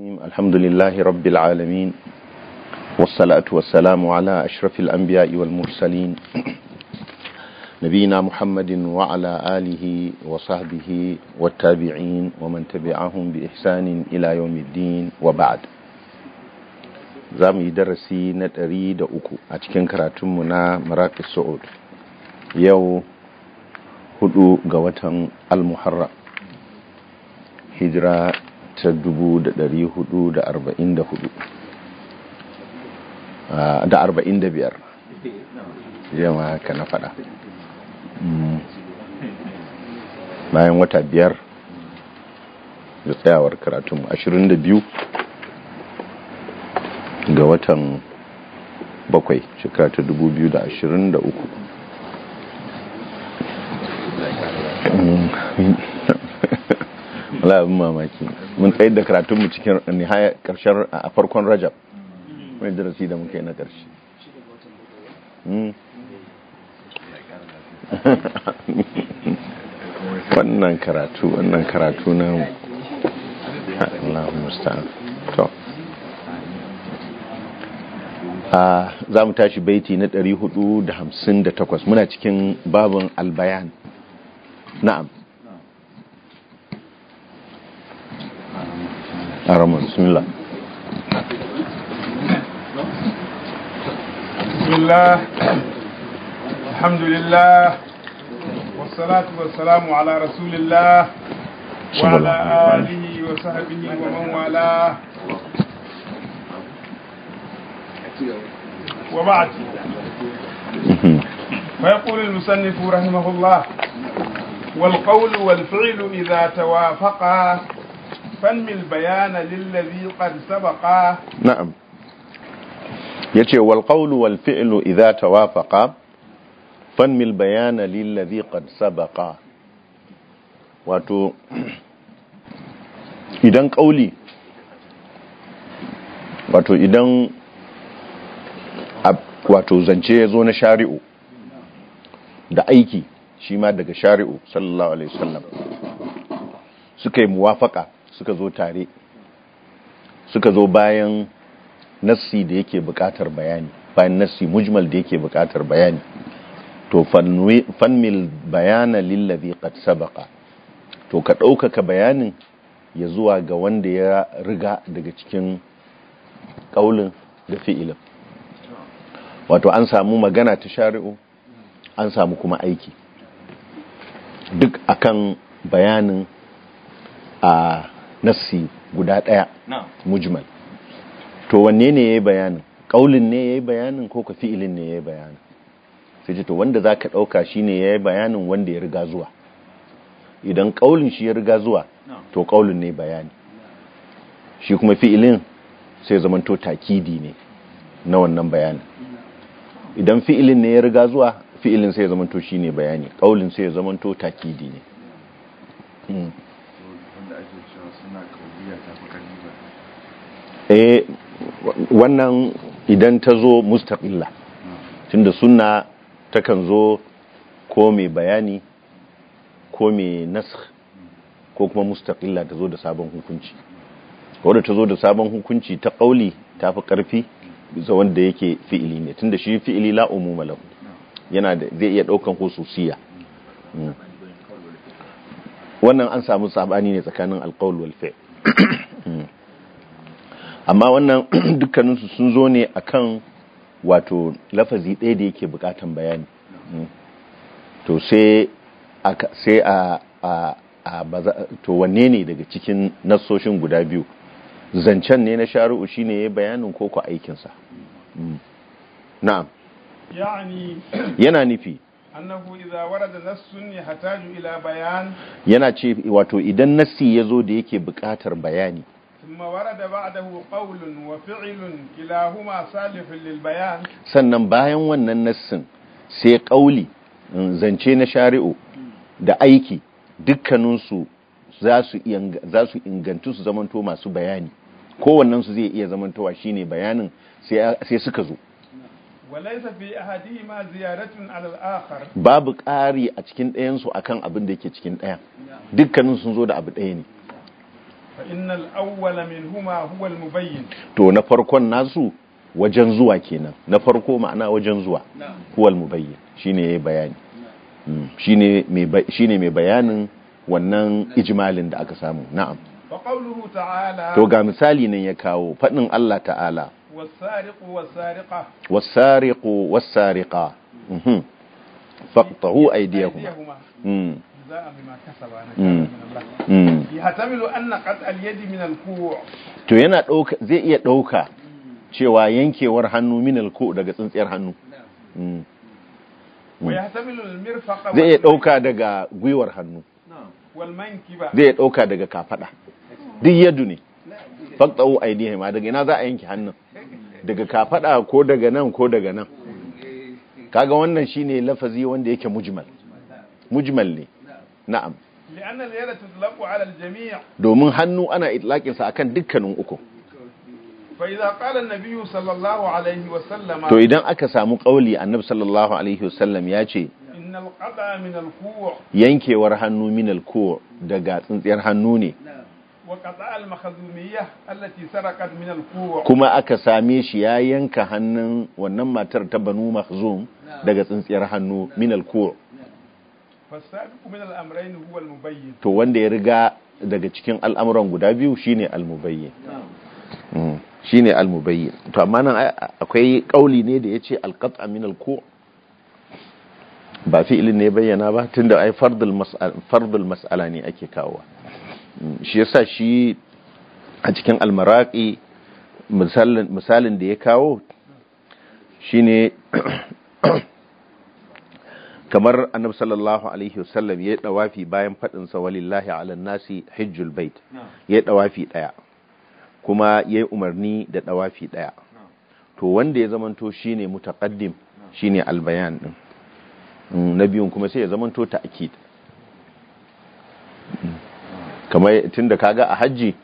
الحمد لله رب العالمين والصلاة والسلام على أشرف الأنبياء والمرسلين نبينا محمد وعلى آله وصحبه والتابعين ومن تبعهم بإحسان إلى يوم الدين وبعد زامي درسي نتري دعوكو أتكين كراتمنا مراك السعود يو هدو قوة المحرم hijira ta dubu da 45 ah, yamma haka na fada mm. bayan wata biyar da tsayawar karatun 22 ga watan bakwai shekara ta 2023 Allah abin mamaki mun tsayar da karatunmu cikin nihaya karshen a farkon Rajab mai darasi da muka yi na karshe hmm? wannan karatu wannan karatu na Allah musta'an to ah, za mu tashi baiti na 458 muna cikin babin albayan na'am بسم الله بسم الله الحمد لله والصلاة والسلام على رسول الله وعلى آله وصحبه ومن والاه وبعد فيقول المصنف رحمه الله والقول والفعل إذا توافقا فنمي البيان للذي قد سبق نعم يتي والقول والفعل إذا توافقا فنمي البيان للذي قد سبق واتو إذن قولي wato idan wato zance ya zo na shari'u da aiki shi ma daga shari'u sallallahu alaihi wasallam suka yi muwafaka suka zo tare suka zo bayan nassi da yake buƙatar bayani bayan nassi mujmal da yake buƙatar bayani to fannil bayana lillazi qad sabaqa to ka ɗaukaka bayanin ya zuwa ga wanda ya riga daga cikin ƙaulin da fi'ilin wato an samu magana ta shari'u an samu kuma aiki duk akan bayanin a nassi guda ɗaya mujmal to wanne ne ya yi bayanin ƙaulin ne ya yi bayanin ko ka fi'ilin ne ya yi bayanin sai ce to wanda za ka ɗauka shi ne ya yi bayanin wanda ya riga zuwa idan ƙaulin shi ya riga zuwa to ƙaulin ne bayani shi kuma fi'ilin sai zamanto takidi ne na wannan bayanin idan fi'ilin ne ya riga zuwa fi'ilin sai zamanto shi ne bayani ƙaulin sai zamanto takidi ne hmm. eh wannan idan ta zo mustaqilla tunda sunna takan zo ko mai bayani ko mai nasr ko kuma mustaqilla ta zo da sabon hukunci wanda ta zo da sabon hukunci ta kauli ta fi karfi za wanda yake fi'ili ne tunda shi fi'ili la umuma lahu yana da zai iya daukan hususiya hmm. wannan an samu sabani ne tsakanin alqaul wal fi'l hmm. amma wannan dukkaninsu sun zo ne akan wato lafazi ɗaya da yake bukatan bayani mm. to sai a to wanne ne daga cikin nassoshin guda biyu zancen ne na shari'u shine ya bayanin koko aikinsa mm. na'am yana nufi annahu idza warada nassun yahtaju ila bayan yana ce wato idan nassi yazo da yake buƙatar bayani ثم ورد بعده قول وفعل كلاهما سالف للبيان sannan bayan wannan nassin sai ƙauli zance na shari'u da aiki dukkaninsu za su ingantu su zamanto masu bayani su zai iya zamantowa shine bayanin sai suka zo babu ƙari a cikin ɗayansu akan abin da yake cikin ɗayan dukkanin sun zo da abu ɗaya ne to na farkon nasu wajen zuwa kenan na farko ma'ana wajen zuwa al mubayyin shine yayi bayani mm. shine mai shine mai bayanin wannan ijmalin da aka samu na'am to ga misali nan ya kawo fadin Allah ta'ala was-sariqu was-sariqa mhm. faqtahu aydiyahuma mm. to yana ɗauka zai iya ɗauka cewa yankewar hannu min alku daga tsintsiyar hannu zai iya ɗauka daga gwiwar hannu zai iya ɗauka daga kafaɗa duk yadu ne faktawo aidihim ma daga ina za a yanke hannun daga kafaɗa ko daga nan ko daga nan kaga wannan shine lafazi wanda yake mujmal mujmal ne na'am domin hannu ana sa akan dukkanin uku to idan aka samu ƙauli annabi sallallahu alaihi wasallam ya ce yankewar hannu min alkuwa daga tsintsiyar hannu ne kuma aka same shi ya yanka hannun wannan matar ta banu mahzum daga tsintsiyar hannu min alkuwa to wanda ya riga daga cikin al'amuran guda biyu shine al-mubayyin mm, shine al-mubayyin to amma nan akwai kauli ne da ya ce qata ko. alko ba ba ilin ne bayyana ba tunda ai fardul mas'ala ne ake kawo mm, shi yasa shi a cikin al misalin da ya kawo shine kamar annabi sallallahu alaihi wasallam ya dawafi bayan fadin sa walillahi ala nasi hijjul bait ya dawafi daya kuma ya umarni da dawafi daya to wanda ya zamanto shine mutaqaddim shine albayan din mm, na biyun kuma sai ya zamanto ta'kid mm. kamar tunda kaga a haji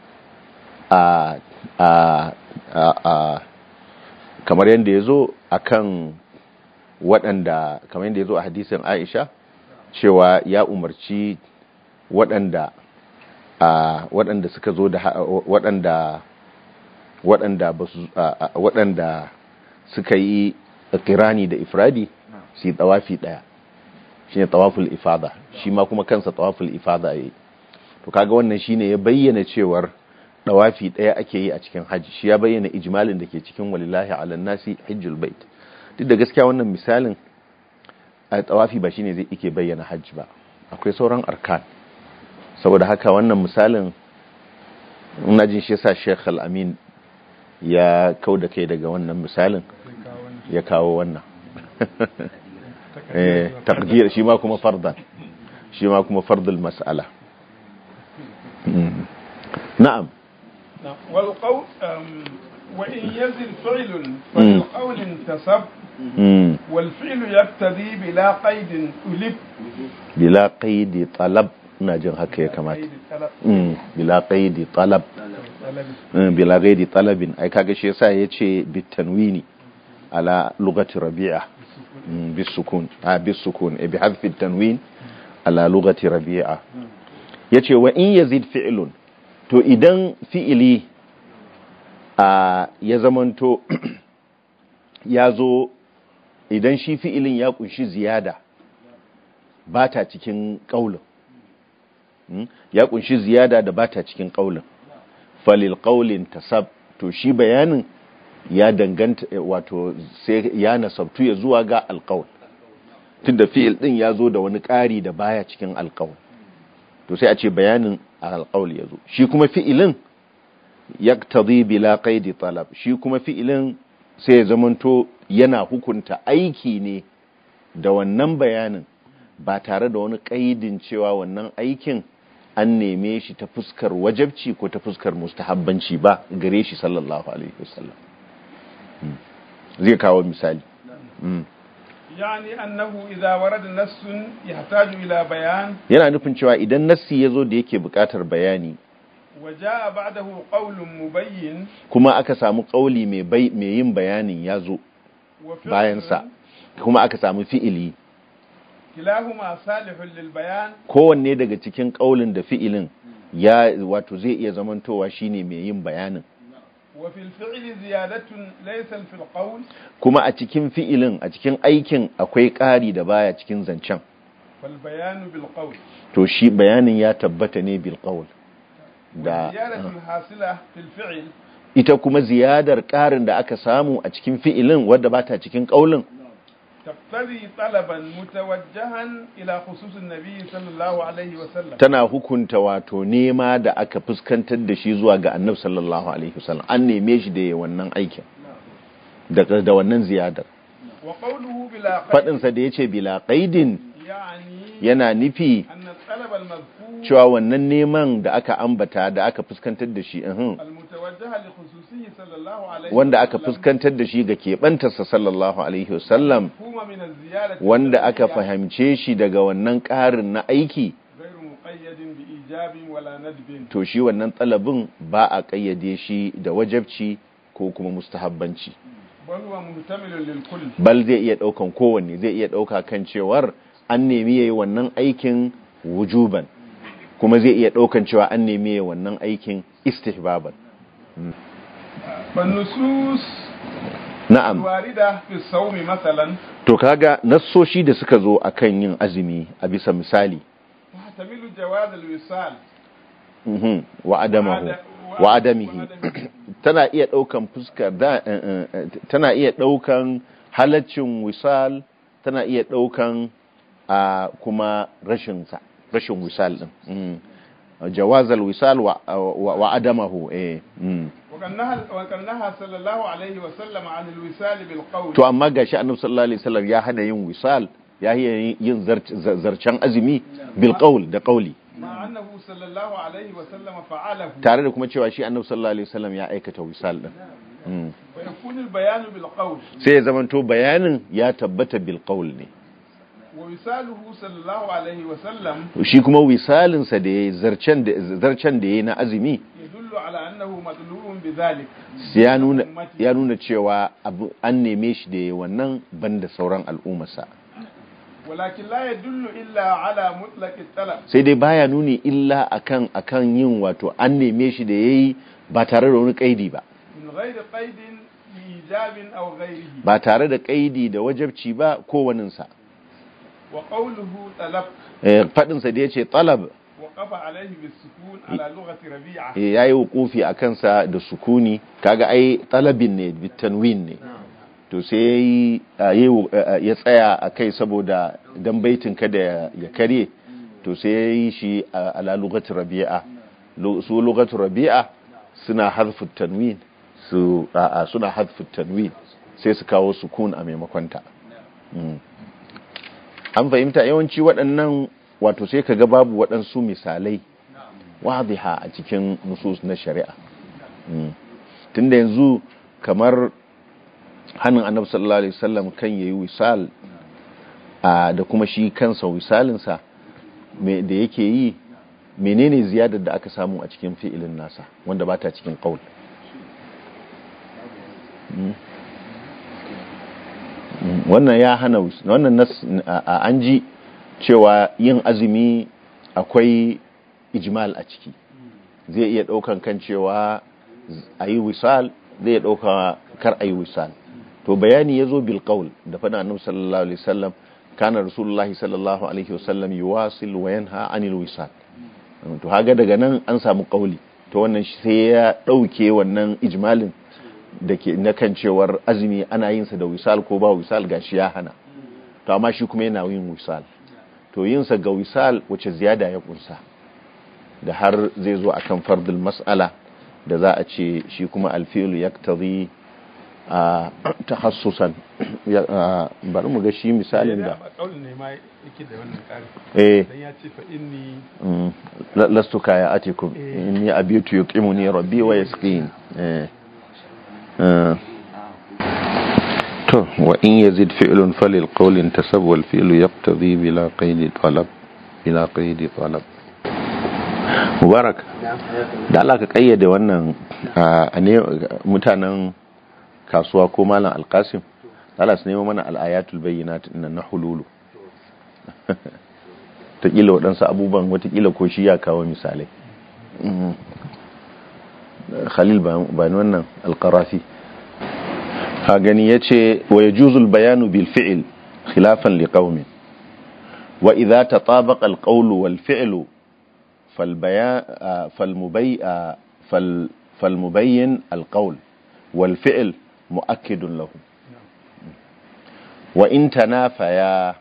a a a kamar yanda yazo akan waɗanda kamar yadda ya zo a hadisin aisha cewa ya umarci waɗanda waɗanda suka zo da waɗanda waɗanda ba su waɗanda suka yi ƙirani da ifradi su yi tsawafi ɗaya Shi ne tawaful ifada shi ma kuma kansa tawaful ifada yi to kaga wannan shi ne ya bayyana cewar ɗawafi ɗaya ake yi a cikin hajji. shi ya bayyana ijimalin da ke cikin walilahi alannasi nasi hajjul bait duk da gaskiya wannan misalin a tsawafi ba shine zai ike bayyana hajji ba akwai sauran arkan saboda haka wannan misalin ina jin shi yasa Sheikh Al-Amin ya kau da kai daga wannan misalin ya kawo wannan eh takdir shi ma kuma fardan shi ma kuma fardul mas'ala hmm. na'am wal qawl um, wa in yazil fi'lun fa hmm. qawlin tasab Hmm. والفعل يقتضي بلا قيد طلب بلا قيد طلب ina jin haka ya kamata bila qaidi talab bila qaidi talabin ai kaga shi yasa yace bitanwini ala lugati rabi'a bisukun a bisukun bi hadfi tanwin ala lugati rabi'a yace wa in yazid fi'lun to idan fi'ili a ya zamanto ya zo idan shi fi'ilin ya kunshi ziyada ba ta cikin ƙaulin hmm? ya kunshi ziyada da ba ta cikin ƙaulin falil ƙaulin tasab to shi bayanin ya danganta eh, wato sai ya nasabtu ya zuwa ga alƙaul tunda fi'il din ya zo da wani ƙari da baya cikin alƙaul to sai a ce bayanin alƙaul ya zo shi kuma fi'ilin yaqtadi bila qaidi talab shi kuma fi'ilin sai ya zamanto yana hukunta aiki ne da wannan bayanin ba tare da wani ƙaidin cewa wannan aikin an neme shi ta fuskar wajabci ko ta fuskar mustahabbanci ba gare shi sallallahu alaihi wasallam hmm. zai kawo misali hmm. yani annahu idza warada nassun yahtaju ila bayan yana nufin cewa idan nassi yazo da yake buƙatar bayani kuma aka samu qauli mai mai yin bayanin yazo bayan sa kuma aka samu fi'ili kilahuma salihun lil bayan kowanne daga cikin qaulin da fi'ilin ya wato zai iya zamantowa shine mai yin bayanin kuma a cikin fi'ilin a cikin aikin akwai ƙari da baya cikin zancen fal bayanu bil qawl to shi bayanin ya tabbata ne bil qawl da uh, ita kuma ziyadar ƙarin da aka samu a cikin fi'ilin wadda ba ta cikin ƙaulin tana hukunta wato nema da aka fuskantar da shi zuwa ga annab sallallahu alaihi wasallam an neme shi da wannan aikin da wannan ziyadar faɗinsa da ya ce bila yana nufi cewa wannan neman da aka ambata da aka fuskantar da shi ihun wanda aka fuskantar da shi ga keɓantarsa sallallahu alaihi wasallam wanda aka fahimce shi daga wannan ƙarin na aiki to shi wannan talabin ba a ƙayyade shi da wajabci ko kuma mustahabbanci bal zai iya ɗaukan kowanne zai iya ɗauka kan cewar an nemi yayi wannan aikin wujuban kuma zai iya ɗaukan cewa an nemi wannan aikin istihbaban na'am to kaga nassoshi da suka zo a kan yin azumi a bisa misali mhm. wa wa adamihi tana iya ɗaukan fuskar eh, eh, eh, tana iya ɗaukan halaccin wisal tana iya ɗaukan ah, kuma rashinsa rashin wisal din mm. Jawazal wisal wa adamahu. eh mm. to amma gashi annabi sallallahu alaihi wasallam ya hana yin wisal ya yi yin zarcen azumi bil qawl da qawli tare da kuma cewa shi annabi sallallahu alaihi wasallam ya aikata wisal din mm. sai ya zamanto bayanin ya tabbata bil qawl ne shi kuma wisalinsa da ya zarcen da ya na azumi ya nuna cewa an neme shi da ya wannan banda sauran al'ummarsa sai dai baya nuni illa akan akan yin wato an neme shi da ya yi ba tare da wani kaidi ba ba tare da kaidi da wajabci ba ko wa qawluhu talab eh fadin sa da yace talab waqafa alaihi bisukun ala lughati rabi'a eh yayi wuqufi akan sa da sukuni kaga ai talabin ne win ne to sai eh, eh, ya tsaya a kai saboda dan baitin kada ya kare to sai ya yi shi eh, ala lugatul rabi'a su lugatul rabi'a suna harfin tanwin su suna harfin tanwin sai su kawo sukun a maimakon ta an fahimta yawanci waɗannan wato sai ka ga babu waɗansu misalai wadiha a cikin nusus na shari'a hmm. tunda yanzu kamar hannun annabi sallallahu alaihi wasallam kan yayi wisal da kuma shi kansa wisalinsa da yake yi menene ziyadar da aka samu a cikin fi'ilin nasa wanda ba ta cikin qaul hmm. wannan ya hana wannan an ji cewa yin azumi akwai ijmal a ciki zai iya ɗaukan kan cewa ayi yi wisal zai iya ɗauka kar ayi yi wisal to bayani ya zo bilkawul da fada annabi sallallahu alaihi wasallam kana rasulullahi sallallahu alaihi wasallam yuwasil wa yanha anil wisal to haga daga nan an samu kauli to wannan sai ya dauke wannan ijmalin da ke na kan cewar azumi ana yinsa da wisal ko ba wisal gashi ya hana to amma shi kuma yana yin wisal to yinsa ga wisal wacce ziyada ya kunsa da har zai zo akan fardul mas'ala da za a ce shi kuma alfilu yaktazi a tahassusan bari mu ga shi misalin da eh mm. lastu kaya atikum eh. inni abitu yuqimuni rabbi wa yasqin eh to wa in yazid fi'lun falil qawlin tasab wal fi'lu yaqtadi bila qaidi talab bila qaidi talab mubarak da Allah ka kayyade wannan mutanen kasuwa ko malam da Allah su nemo mana al'ayatul bayyinat inna na hululu ta kila waɗansu abubuwan watakila ko shi ya kawo misalai khalil bayan wannan alkarafi ha gani ya ce wa ya juzul bayanu bil fi'il khilafan li wa idza tatabaqa al wal fi'lu fal bayan fal lahu wa in tanafaya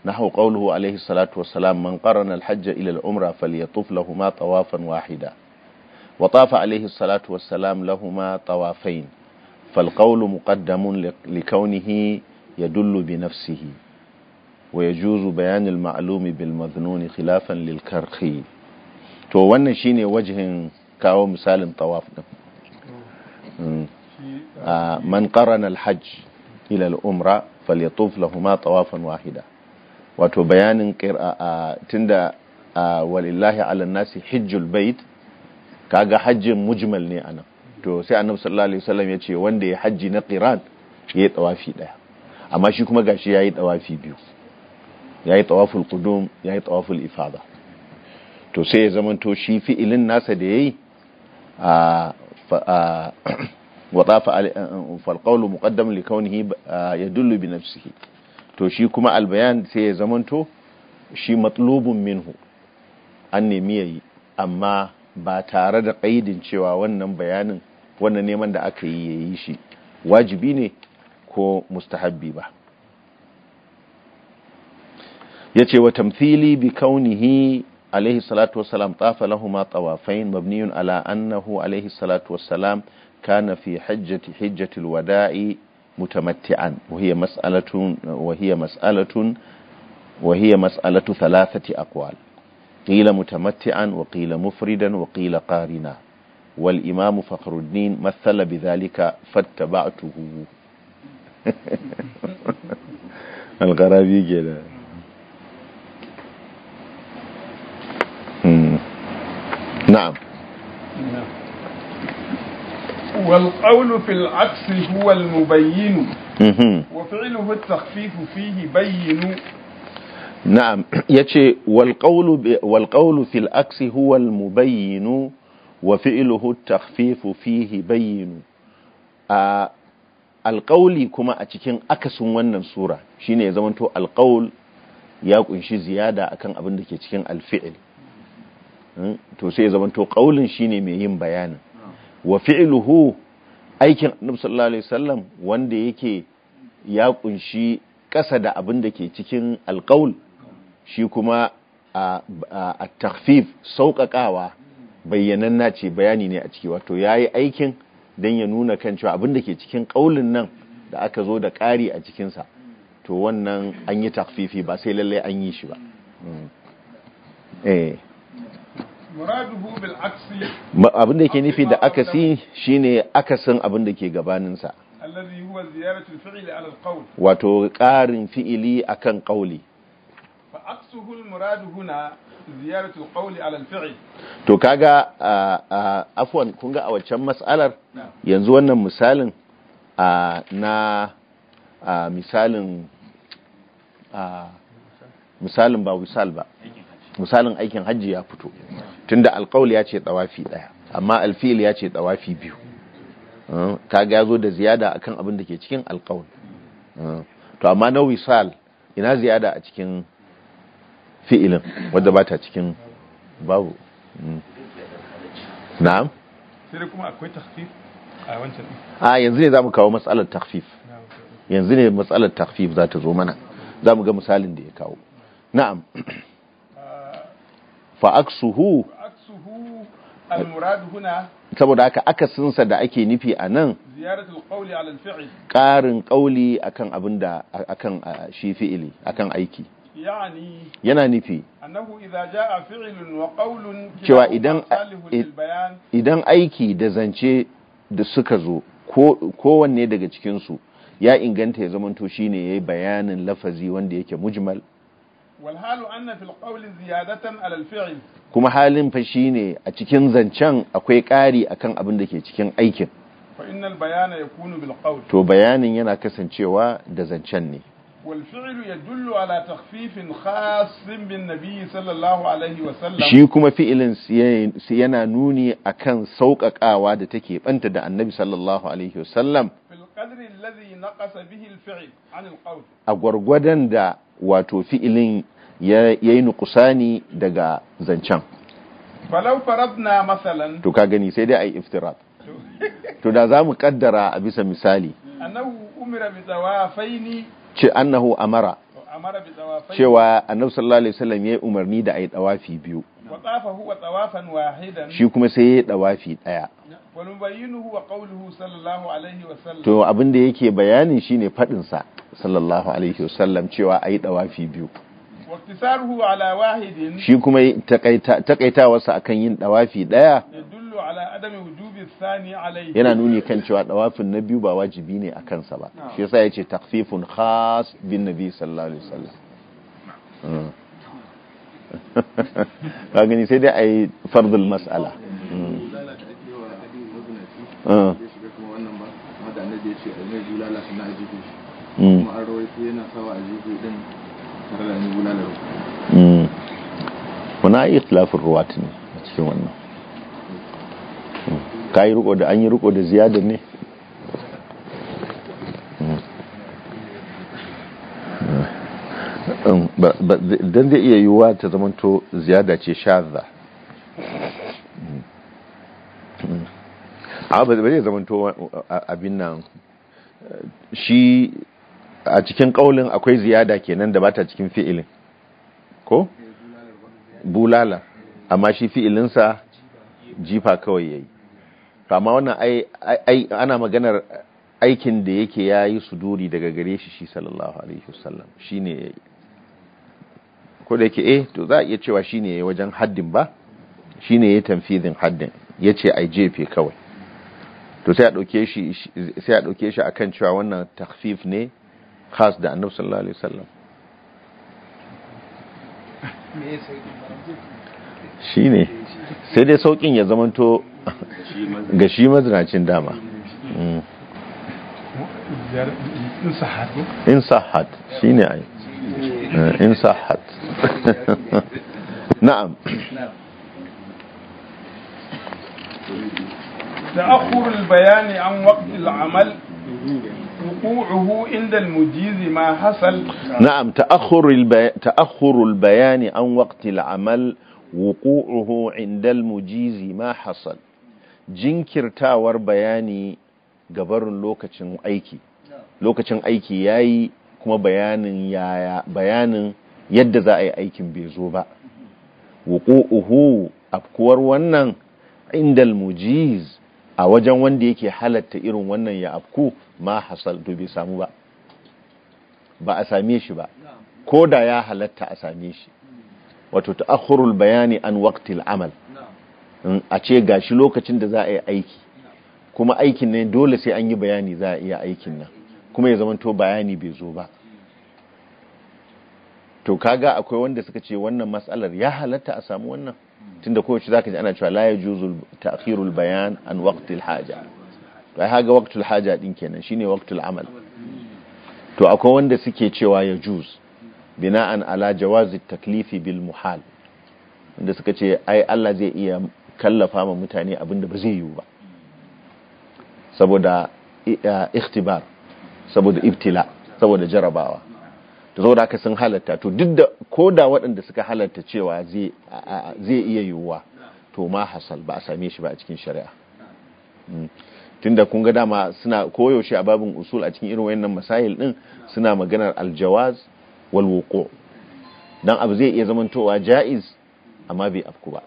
نحو قوله عليه الصلاة والسلام من قرن الحج إلى العمرة lahu ma tsawafan wahida وطاف عليه الصلاة والسلام لهما طوافين فالقول مقدم لكونه يدل بنفسه ويجوز بيان المعلوم بالمذنون خلافا للكرخي to wannan shine wajihin kawo misalin tawaf din hmm. man qarana al-hajj ila al-umra falyatuf lahumu tawafan wahida wato bayanin tunda walillahi ala nasi hajjul bait kaga hajjin mujmal ne anan to sai annabi sallallahu alaihi wasallam ya ce wanda ya hajji na qiran ya yi tawafi daya amma shi kuma gashi ya yi tawafi biyu ya yi tawaful qudum ya yi tawaful ifada to sai ya to shi fi'ilin nasa da yayi a wa tafa fal qawlu muqaddam li kawnihi yadullu bi nafsihi to shi kuma bayan sai ya zamanto shi matlubun minhu an nemi yayi amma ba tare da ƙaidin cewa wannan bayanin wannan neman da aka yi ya yi shi wajibi ne ko mustahabbi ba ya ce wa tamthili bi kaunihi alaihi salatu wassalam tafa lahuma tawafain mabniyun ala annahu alaihi salatu wassalam kana fi hajjati hajjatil wada'i mutamatti'an wa hiya mas'alatun wa hiya mas'alatun wa hiya mas'alatu thalathati aqwal قيل متمتعا وقيل مفردا وقيل قارنا والإمام فخر الدين مثل بذلك فاتبعته الغرابي جدا نعم والقول في العكس هو المبين وفعله التخفيف فيه بين na'am yace wal qawlu wal fil aksi huwa al mubayyin wa fi'luhu at fihi a al kuma a cikin akasin wannan sura shine ya zamanto al qawl ya kunshi ziyada akan abin da ke cikin al fi'l hmm? to sai ya zamanto qaulin shine mai yin bayanin wa fi'luhu aikin annabi sallallahu alaihi wasallam wanda yake ya kunshi ƙasa da abin da ke cikin alƙaul shi kuma a takfif sauƙaƙawa bayyananna ce bayani ne a ciki wato ya yi aikin don ya nuna kan cewa abin da ke cikin ƙaulin nan da aka zo da ƙari a cikinsa to wannan an yi takfifi ba sai lallai an yi shi ba mm. eh. abin da ke nufi da akasi shine akasin abin da ke gabaninsa wato ƙarin fi'ili akan ƙauli huna ziyaratu qawli ala al-fi'l to kaga afwan kun ga a waccan mas'alar yanzu wannan misalin na misalin misalin ba wisal ba misalin aikin hajji ya fito tunda alqawl ya ce tsawafi daya amma alfi'il ya ce tsawafi biyu kaga yazo da ziyada akan abin da ke cikin alqawl to amma na wisal ina ziyada a cikin fi'ilin wadda ba ta cikin babu hmm. na'am sai kuma akwai takfif a wancan a yanzu ne za mu kawo matsalar takfif yanzu ne matsalar takfif za ta zo mana za mu ga misalin da ya kawo na'am al-murad huna saboda haka akasinsa da ake nufi a nan ƙarin ƙauli akan abin da akan shi fi'ili akan aiki yana nufi cewa idan aiki da zance da suka zo kowanne daga cikinsu ya inganta ya zamanto shi ne ya yi bayanin lafazi wanda yake mujmal kuma halin fa shi ne a cikin zancen akwai ƙari akan abin da ke cikin aikin to bayanin yana kasancewa da zancen ne والفعل يدل على تخفيف خاص بالنبي صلى الله عليه وسلم shi kuma fi'ilin yana nuni akan sauƙaƙawa da take banta da annabi sallallahu alaihi wasallam fil qadri alladhi naqasa bihi al fi'l an al qawl a da wato fi'ilin yayi kusani daga zancen falau faradna masalan to ka gani sai dai ai iftirat to da zamu kaddara a bisa misali annahu umira ce annahu amara cewa annabi sallallahu alaihi wasallam yayi umarni da ayi dawafi biyu shi kuma sai yayi dawafi daya to abin da yake bayanin shine fadin sa sallallahu alaihi wasallam cewa ayi dawafi biyu shi kuma takaitawarsa akan yin dawafi daya yana nuni kan cewa dawafin na biyu ba wajibi ne a kansa ba shi yasa yace takfifun khas bin nabi sallallahu alaihi wasallam ka gani sai dai ayi fardul mas'ala hmm. Hmm. Hmm. kuna yi tilafin ruwa ne a cikin wannan ka yi da an yi da ziyadar ne hmm. hmm. don zai iya yiwuwa ta zamanto ziyada ce shaza hmm. a ba zai zamanto abin nan shi a cikin kaulin akwai ziyada kenan da ba ta cikin fi'ilin ko bulala amma shi fi'ilinsa jifa kawai yayi to amma wannan ai ana maganar aikin da yake yayi suduri daga gare shi shi sallallahu alaihi wasallam shine ko da yake eh to za a iya cewa shine yayi wajen haddin ba shine yayi tanfidin haddin yace ai jefe kawai to sai a dauke shi sai a dauke shi akan cewa wannan takhfif ne khas da annabi sallallahu alaihi wasallam shine sai dai saukin ya zamanto gashi shi maziracin dama mm. in sahat shine ai eh, in sahat na'am تأخر البيان عن وقت العمل وقوعه عند المجيز ما حصل نعم تأخر, البي... تأخر البيان عن وقت العمل وقوعه عند المجيز ما حصل jinkirtawar bayani gabarin lokacin aiki lokacin aiki yayi kuma bayanin yaya bayanin yadda za a yi aikin bai zo ba Uhu, afkuwar wannan indal mujiz a wajen wanda yake halatta irin wannan ya afku ma hasal to bai samu ba ba a same shi ba ko da ya halatta a same shi wato ta'akhurul bayani an waqtil amal a ce shi lokacin da za a yi aiki kuma aikin ne dole sai an yi bayani za a iya aikin nan kuma ya zama to bayani bai zo ba to kaga akwai wanda suka ce wannan matsalar ya halatta a samu wannan tunda kowace ka ji ana cewa la juzu ta'khirul bayan an waqtil haja to ai haga waqtul haja din kenan shine waqtul amal to akwai wanda suke cewa ya yajuz bina'an ala jawazi taklifi bil muhal wanda suka ce ai Allah zai iya kallafa ma mutane abinda da ba zai yiwu ba saboda ikhtibar saboda ibtila saboda jarabawa to saboda haka sun halatta to duk da koda waɗanda suka halarta cewa zai iya yiwuwa to ma hasal ba a same shi ba a cikin shari'a mm. tunda kun ga dama suna koyaushe a babin usul a cikin irin wayannan masail din suna maganar aljawaz wal wuqu dan abu zai iya zamantowa jaiz amma bai afku ba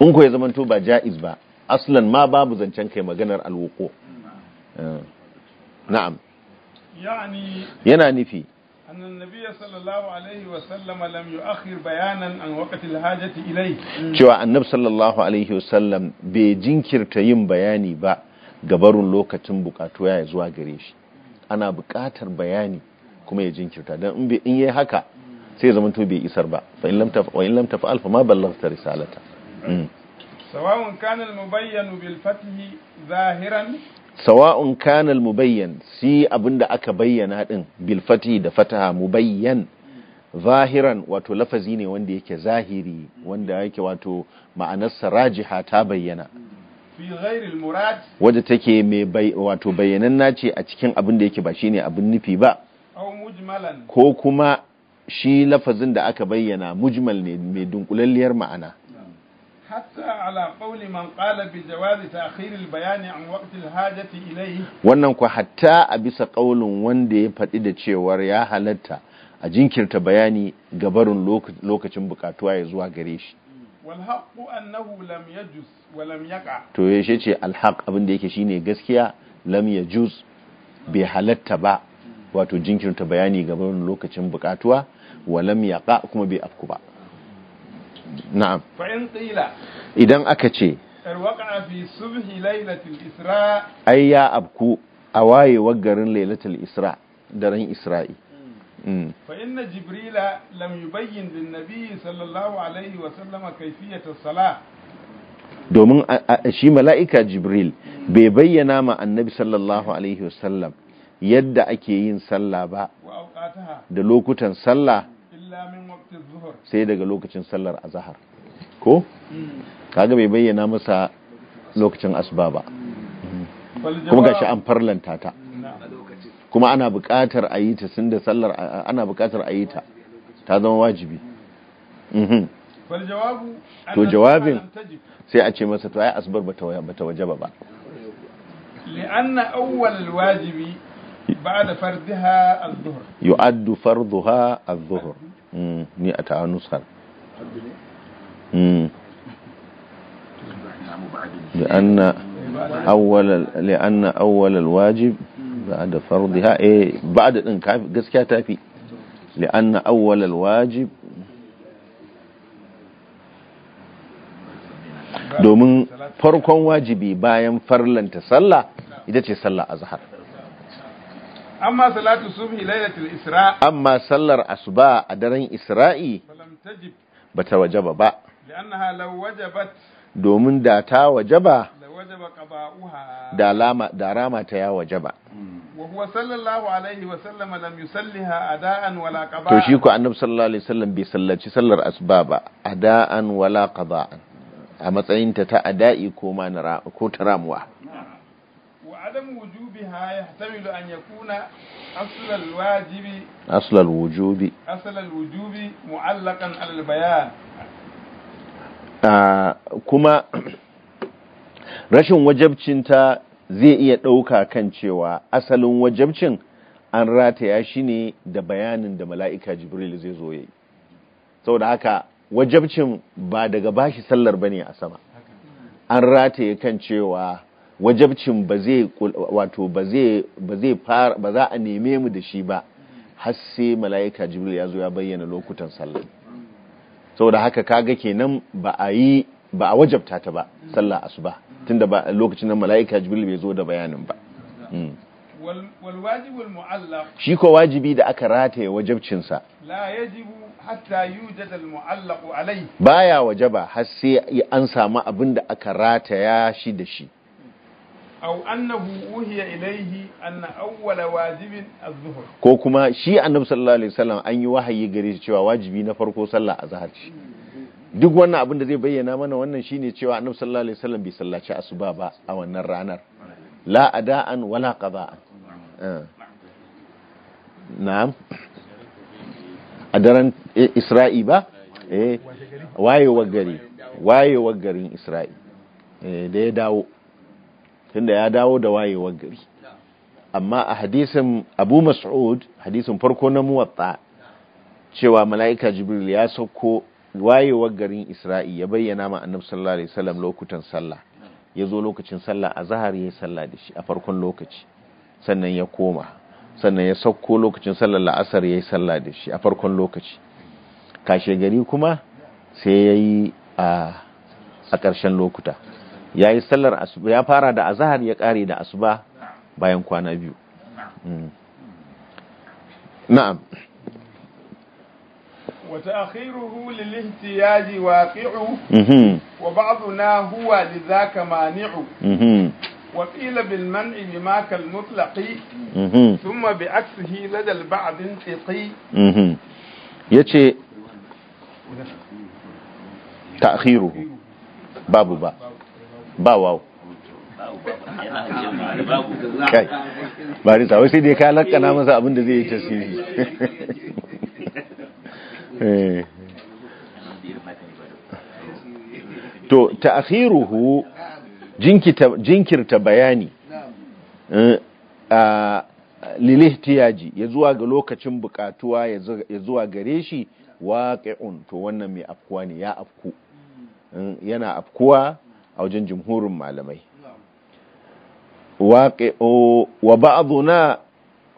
in ku ya to ba ja'iz ba aslan ma babu zancen kai maganar alwuko eh. na'am yana nufi أن sallallahu alaihi wa sallam lam yu'akhir bayanan an waqti alhajati الحاجة hmm. cewa جوا sallallahu alaihi wa sallam وسلم jinkirta yin bayani ba gabarun lokacin bukatu ya zuwa gare shi ana bukatar bayani kuma ya jinkirta don in yi haka sai zaman to bai isar ba fa in lam tafa'al fa ma ballagta risalata Mm. sawa'un kanal mubayyan bil zahiran sawa'un mubayyan si abinda aka bayyana din bil fathi da fataha mubayyan zahiran wato lafazi ne wanda yake zahiri wanda yake wato ma'anarsa rajiha ta bayyana wadda take mai wato bayyananna ce a cikin abin da yake ba shine abin nufi ba ko kuma shi lafazin da aka bayyana mujmal ne mai dunkulalliyar ma'ana wannan ku hatta a bisa ƙaulin wanda ya faɗi da cewar ya halatta a jinkirta bayani gabarin lokacin bukatuwa ya zuwa gare shi to ya ce alhaq abinda yake shine gaskiya lam ya juz bai halatta ba wato jinkirta bayani gabarin lokacin bukatuwa wa lam yaqa kuma bai afku ba na'am idan aka ce ai ya abku a wayewar garin lailatul isra daren isra'i hmm. Hmm. jibrila lam جبريل لم يبين للنبي صلى الله عليه وسلم كيفية الصلاة domin shi mala'ika jibril hmm. bai bayyana ma annabi sallallahu alaihi wasallam yadda ake yin sallah ba da lokutan sallah sai daga lokacin sallar azahar ko hmm. kaga bai bayyana masa lokacin asuba hmm. Hmm. kuma gashi an farlanta ta kuma ana buƙatar a yi ta sun da sallar ana buƙatar a yi ta ta zama wajibi mhm. to jawabin sai a ce masa to ai asbar bata wajaba ba li'anna awwal wajibi ba'da fardaha az-zuhr yu'addu fardaha al zuhr Mm, ni a mm. eh, ta nusar li'anna awwalal wajib ba da fardi ha eh ba da din gaskiya tafi li'anna awwalal wajib domin farkon wajibi bayan farlanta sallah ita ce sallah azhar amma salatu subhi lailatul isra amma sallar asuba a daren isra'i bata wajaba ba li'annaha law wajabat domin da ta wajaba da lama da rama ta ya wajaba wa huwa sallallahu alaihi wa sallam lam yusalliha ada'an wala qada'an to shi annabi sallallahu alaihi wasallam bai sallaci sallar asuba ba ada'an wala qada'an a matsayin ta ta ada'i ko ma ko ta ramuwa wa adam فيها يحتمل أن يكون أصل الواجب أصل rashin wajabcinta zai iya ɗauka kan cewa asalin wajabcin an rataya shi ne da bayanin da mala'ika jibril zai zo yi saboda haka wajabcin ba daga bashi sallar bane a sama an rataye kan cewa wajabcin ba zai wato ba zai ba zai fara ba za a neme mu da shi ba har sai mala'ika jibril ya zo ya bayyana lokutan sallah saboda haka kaga kenan ba a yi ba a wajabta ta ba sallah asuba tunda ba lokacin nan mala'ika jibril bai zo da bayanin ba hmm. shi ko wajibi da aka rataye wajabcinsa baya wajaba har sai an samu abin da aka rataya shi da shi أو أنه uhiya إليه أن أول واجب الظهر كوكما شيء kuma shi الله عليه وسلم أن an yi شوى واجبي shi صلى الله عليه farko duk wannan abin da zai bayyana mana wannan shine cewa annabi sallallahu alaihi wasallam bai sallaci asuba ba a wannan ranar la ada'an wala qada'an eh. na'am a daren isra'i ba eh wayewar gari wayewar garin isra'i eh da ya dawo tunda ya dawo da wayewar gari amma a hadisin abu mas'ud hadisin farko na muwatta cewa mala'ika jibril ya sauko wayewar garin isra'i ya bayyana ma annab sallallahu alaihi wasallam lokutan sallah ya zo lokacin sallah a zahar ya sallah da shi a farkon lokaci sannan ya koma sannan ya sauko lokacin sallar la'asar ya yi sallah da shi a farkon lokaci kashe gari kuma sai ya yi a ƙarshen lokuta ya yi sallar asuba ya fara da azahar ya kare da asuba bayan kwana biyu hmm. na'am wa ta'khiruhu lil ihtiyaji waqi'u mhm wa ba'duna huwa lidhaka mani'u mhm wa qila bil man'i bima kal mutlaqi mhm thumma bi aksihi lada al ba'd intiqi mhm yace ta'khiruhu babu ba ba wawo kai ba ni wai sai dai ka lakana masa abin da zai yi tasiri eh. to ta'khiruhu jinkirta bayani eh, a lilihtiyaji ya zuwa ga lokacin bukatuwa ya zuwa gare shi waƙi'un to wannan mai afkuwa ne ya afku eh, yana afkuwa a wajen jumhurin malamai wa ba'aduna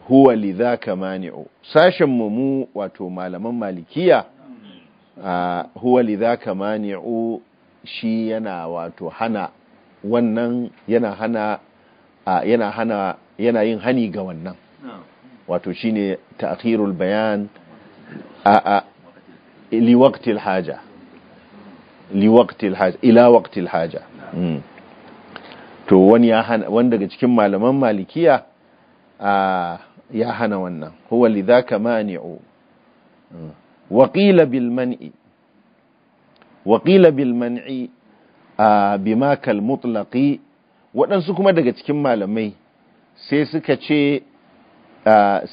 huwa lidhaka mani'u sashen mu wato malaman malikiya huwa lidhaka mani'u shi yana wato hana wannan yana hana yana hana yana yin hani ga wannan wato shine ta'khirul bayan a a li haja ila waqtil haja Hmm. to wani ya hana wanda daga cikin malaman malikiya ya hana wannan huwa lidhaka mani'u hmm. wa qila bil man'i wa qila bil man'i bima kal waɗansu kuma daga cikin malamai sai suka ce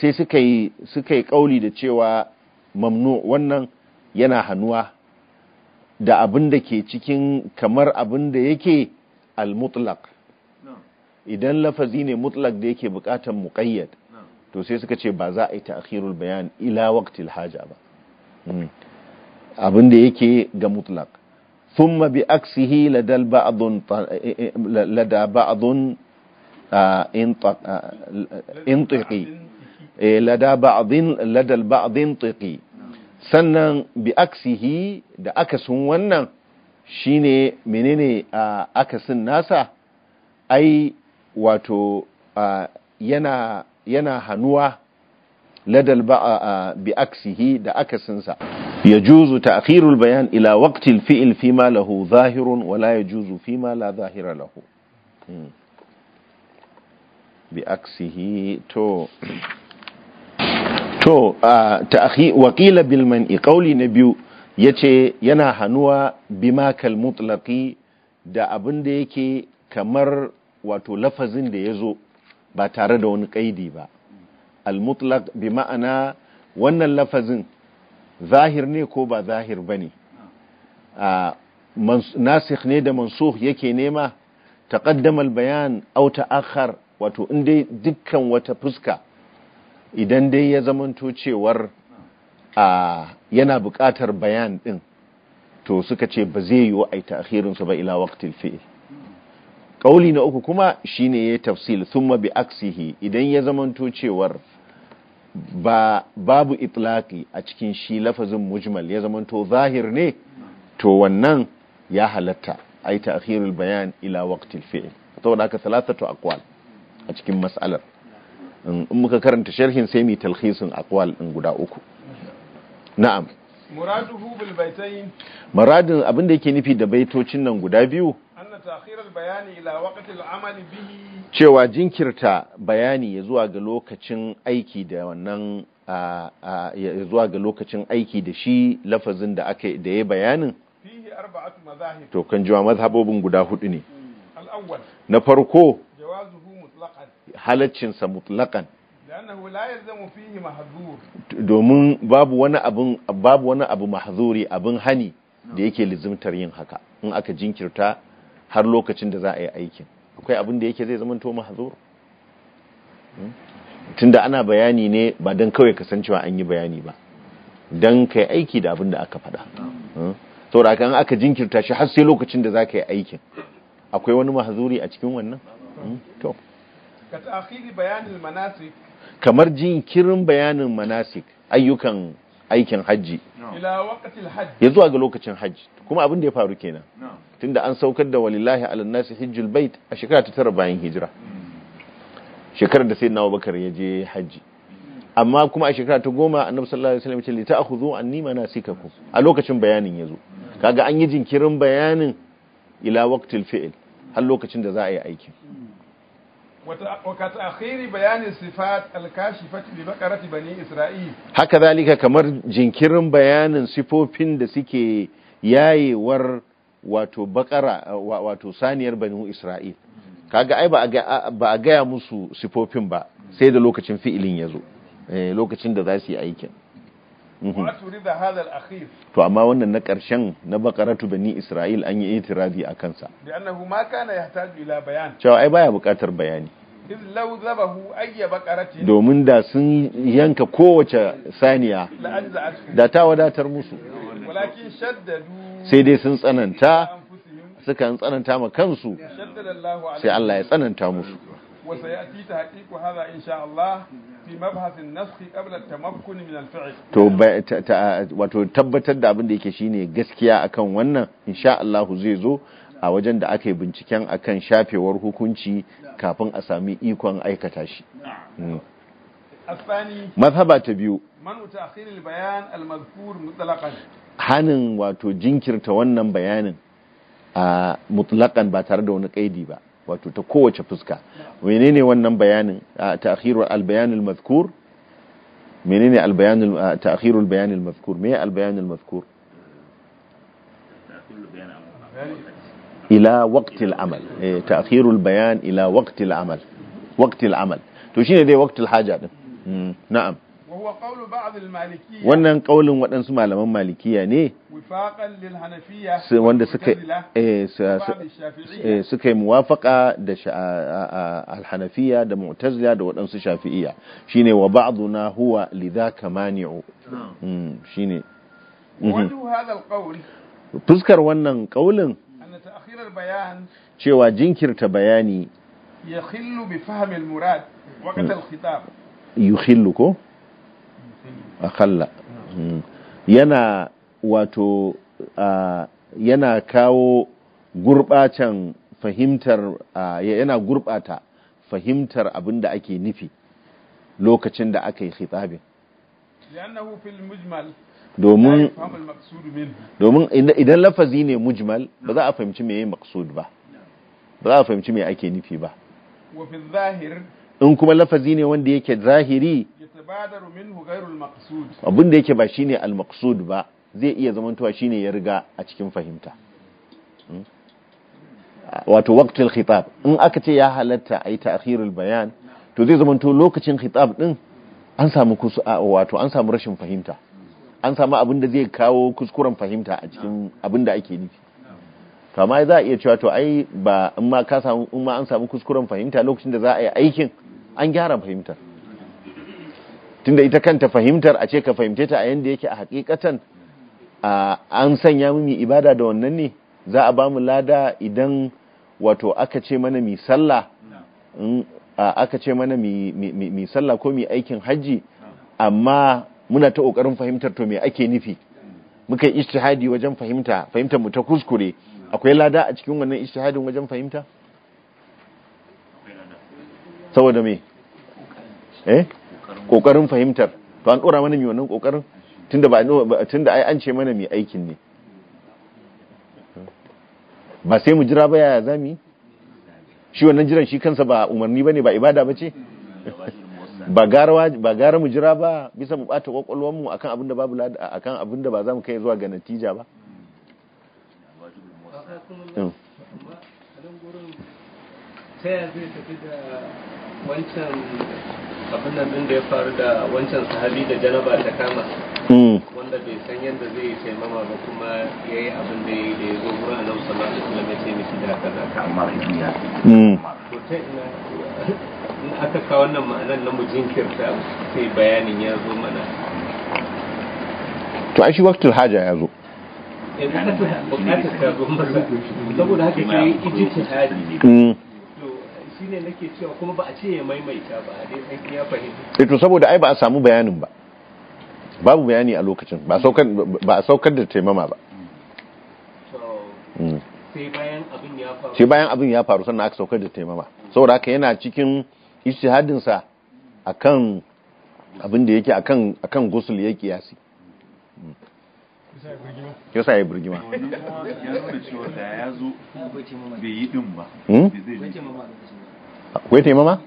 sai suka yi suka kauli da cewa mamnu wannan yana hanuwa da abin da ke cikin kamar abin da yake al-mutlaq idan lafazi ne mutlaq da yake buƙatar muqayyad to sai suka ce ba za a yi ta'khirul bayan ila waqtil haja ba hmm. abin da yake ga mutlaq thumma bi aksihi ladal ba'dun lada ba'dun intiqi eh, lada ba'dun ladal ba'dun tiqi sannan bi aksihi da akasin wannan shine menene a akasin nasa ai wato yana hannuwa ladal ba bi aksihi da akasinsa ya juzu ta akhirul bayan ila waktil fi'il fi ma lahu zahirun wala ya juzu fi ma la zahira lahu hmm. bi aksihi to to ta'akhi bilman iƙauli na biyu ya ce yana hannuwa bima kal da abin da yake kamar wato lafazin da ya zo ba tare da wani kaidi ba al mutlaq bi ma'ana wannan lafazin zahir ne ko ba zahir a nasikh ne da mansuh yake nema taƙaddamar bayan auta akhar wato inda dukkan wata fuska idan dai ya zamanto cewar yana buƙatar bayan ɗin to suka ce ba zai yiwu a yi ta'akhirinsu ba ila waktin fi'il ƙauli na uku kuma shine ya tafsil thumma bi aksihi idan ya zamanto cewar ba babu itlaki a cikin shi lafazin mujmal ya zamanto zahir ne to wannan ya halatta yi ta'khirul bayan ila waktin fi'il saboda haka salatatu aqwal a cikin mas'alar in muka karanta sharhin sai mu talhisin aqwal din guda uku na'am muraduhu bil baitain muradin abinda yake nufi da baitocin nan guda biyu anna ta'khir al bayani ila waqti al amali bihi cewa jinkirta bayani ya zuwa ga lokacin aiki da wannan ya zuwa ga lokacin aiki da shi lafazin da aka da ya bayanin fihi arba'atu madhahib to kan jiwa mazhabobin guda hudu ne al awwal na farko jawazu halaccinsa mutlaƙan domin babu wani abin babu wani abu abin hani da yake lizimtar yin haka in aka jinkirta har lokacin da za a yi aikin akwai abin da yake zai zama to mahzur hmm? tunda ana bayani ne ba don kawai kasancewa an yi bayani ba don kai aiki da abin da aka faɗa hmm? saboda haka in aka jinkirta shi har sai lokacin da za ka yi aikin akwai wani mahzuri a cikin wannan hmm? to ka ta'khiri bayanin manasik kamar jinkirin bayanin manasik ayyukan aikin hajji ila waqtil hajj ya zuwa ga lokacin hajji kuma abin da ya faru kenan tunda an saukar da walillahi alan nasi hajjul bait a shekara ta tara bayan hijira mm. shekarar da sayyidina Abubakar ya je hajji amma kuma a shekara ta goma annabi sallallahu alaihi wasallam ya ce li ta'khudhu anni manasikakum a lokacin bayanin ya zo kaga an yi jinkirin bayanin ila waqtil fi'l har lokacin da za a yi aikin mm. وكتأخير بيان الصفات الكاشفة لبقرة بني إسرائيل هكذلك كمر جنكرن da suke yayewar wato bakara wato saniyar banu Isra'il kaga ai ba a gaya musu sifofin ba sai da lokacin fi'ilin ya zo lokacin da za su yi aikin Mm-hmm. to amma wannan na ƙarshen na bakaratu bani isra'il an yi itirazi a kansa cewa ai baya buƙatar bayani domin da sun yanka kowace saniya da ta wadatar musu sai dai sun tsananta suka tsananta ma kansu sai Allah ya tsananta musu وسيأتي تحقيق هذا إن شاء الله في مبحث النسخ قبل التمكن من الفعل to wato tabbatar da abin da yake shine gaskiya akan wannan insha Allah zai zo a wajen da aka yi binciken akan shafewar hukunci kafin a sami ikon aikata shi hmm. mazhaba ta biyu manu hanin wato jinkirta wannan bayanin a mutlaqan ba tare da wani kaidi ba wato ta kowace fuska menene wannan bayanin ta'khirul albayanul mazkur menene albayanul ta'khirul bayanul mazkur me albayanul mazkur ila waqtil amal eh, ta'khirul bayan ila waqtil amal waqtil amal to shine dai waqtil haja din hmm, na'am wannan kaulin waɗansu malaman malikiya ne wanda suka eh, eh, yi muwafaka da alhanafiya da mu'tazila da waɗansu shafi'iya shine wa na huwa lidhaka shi ne fuskar wannan kaulin cewa jinkirta bayani yakhillu bi fahmi al-murad waqt al-khitab yukhillu ko akalla mm. yana wato yana kawo gurbacen fahimtar yana gurbata fahimtar abin da ake nufi lokacin da aka yi khitabin domin idan lafazi ne mujmal ba za a fahimci me maqsud ba ba za a fahimci me ake nufi ba in kuma lafazi ne wanda yake zahiri abin da yake ba shine al-maqsud ba zai iya zamantowa shine ya riga a cikin fahimta hmm? wato waqtul khitab in aka ce ya halatta ayi ta'khirul bayan to zai zamanto lokacin khitab din an samu kusu wato an samu rashin fahimta an samu abin da zai kawo kuskuren fahimta a cikin abin da ake nufi to amma za a iya cewa to ai ba in ma an samu kuskuren fahimta lokacin da za a yi aikin an gyara fahimtar tunda ita kanta fahimtar a ce ka fahimce ta a yanda yake a hakikatan an sanya mu ibada da wannan ne za a bamu lada idan wato aka ce mana mi sallah aka ce mana mi ko mi aikin hajji amma muna ta kokarin fahimtar to me ake nufi muka ijtihadi wajen fahimta fahimtar mu ta kuskure akwai lada a cikin wannan ijtihadin wajen fahimta saboda me eh kokarin fahimtar to an dora mana mai wannan kokarin tunda ba tunda ai an ce mana mai aikin ne ba sai mu jira ba yaya zami shi wannan jiran shi kansa ba umarni bane ba ibada bace ba gara ba gara mu jira ba bisa mu bata kwakwalwar mu akan abinda babu akan abinda ba za mu kai zuwa ga natija ba mm. ta zai tafi da wancan abin nan din da ya faru da wancan sahabi da janaba ta kama hmm. wanda bai san yadda zai yi taimama ba kuma ya yi abin da ya yi da ya zo wurin annabi sallallahu alaihi wasallam ya ce mishi da kaza ka amma ya hmm. to ta ina in aka kawo wannan ma'anar na mu jinkirta sai bayanin ya zo mana to ai shi waqtul haja ya zo bukatar eh, ta zo masa saboda haka ke hmm. ijtihadi shine nake a ce ya maimaita ba ya fahimta eh saboda ai ba a samu bayanin ba babu bayani a lokacin ba a saukar da taimama ba mm. sai bayan abin ya faru sannan aka saukar da taimama saboda haka yana cikin ishihadinsa a kan abin da yake a kan gusul ya kiyasi ya mm. sa ya birgima ya nuna cewa da ya zo bai yi din ba hmm? akwai taimama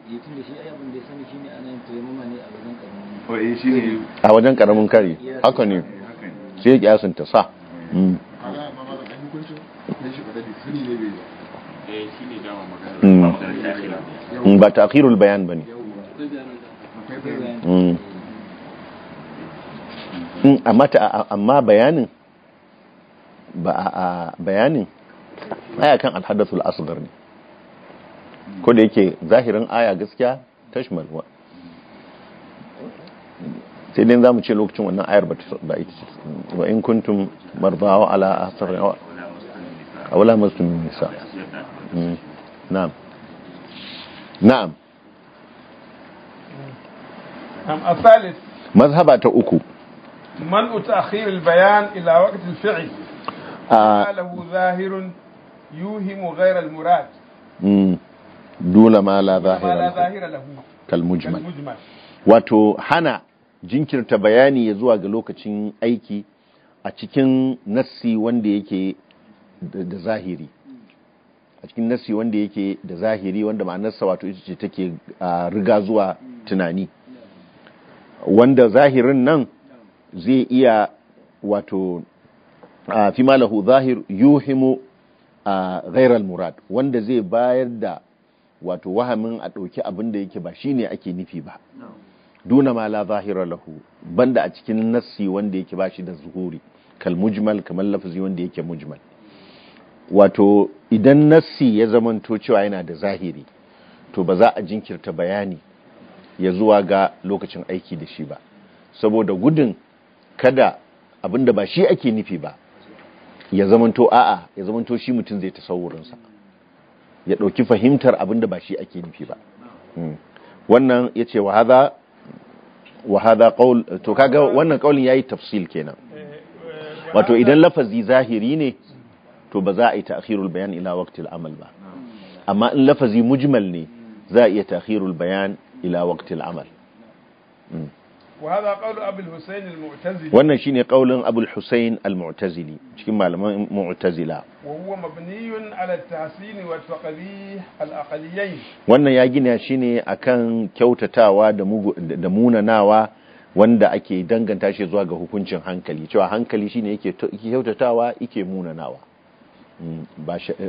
eh, a wajen karamin kari haka ne sai ya kiyasin ta sa mm. ba eh, mm. ta mm, akhirul bayan ba ne amma bayanin ba a bayanin ayakan alhadasul asibar ne ko da yake zahirin aya gaskiya tashmal wa sai dai za mu ce lokacin wannan ayar ba ba ita ce wa in kuntum marda'a ala a wula masu nisa hmm. na'am na'am am asalis mazhaba ta uku man ta'khir al-bayan ila waqt al-fi'l له ظاهر mu غير المراد dole ma la zahira lahu kal mujmal wato hana jinkirta bayani ya zuwa ga lokacin aiki a cikin nassi wanda yake da zahiri a cikin nassi wanda yake da zahiri wanda ma'anarsa wato ita ce take riga zuwa tunani wanda zahirin nan zai iya wato fi malahu zahir yuhimu ghairal murad wanda zai bayar da wato wahamin a ɗauki abin da yake ba shine ake nufi ba duna ma la zahira lahu banda a cikin nassi wanda yake ba shi da zuhuri kal mujmal kamar lafazi wanda yake mujmal wato idan nassi ya zamanto cewa yana da zahiri to ba za a jinkirta bayani ya zuwa ga lokacin aiki da shi ba saboda gudun kada abinda ba shi ake nufi ba ya zamanto a'a ya zamanto shi mutum zai ta tasawurinsa ya ɗauki fahimtar abin da ba shi ake nufi ba hmm. wannan ya ce wa hada to kaga wannan ya yi tafsil kenan wato idan lafazi zahiri ne to ba za a yi ta'akhirul bayan ila waqtil amal ba amma in lafazi mujmal ne za a iya ta'akhirul bayan ila waqtil amal hmm. وهذا قول أبي الحسين المعتزلي وانا شيني قول أبو الحسين المعتزلي شكين معلمة معتزلة وهو مبني على التحسين والتقبيح الأقليين وانا ياجينا شيني أكان wanda ake danganta shi zuwa ga hukuncin hankali cewa hankali shine yake kyautatawa yake munanawa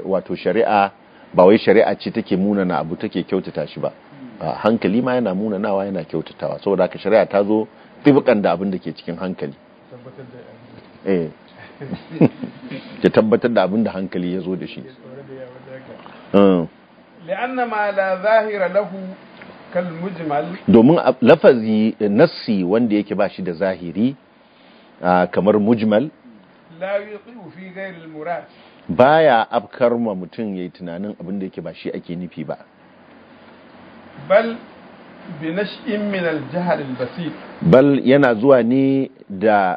wato shari'a ba wai shari'a ce take munana abu take kyautata shi ba hmm. hankali ma yana munanawa yana kyautatawa saboda haka shari'a ta zo tibkan da abin da ke cikin hankali ta eh. tabbatar da abin da hankali ya zo da shi hmm. zahira mujmal domin lafazi nassi wanda yake ba shi da zahiri kamar mujmal murad baya afkar ma mutum ya yi tunanin abin da yake ba shi ake nufi ba bal binashin nash'in min al-jahl bal yana zuwa ne da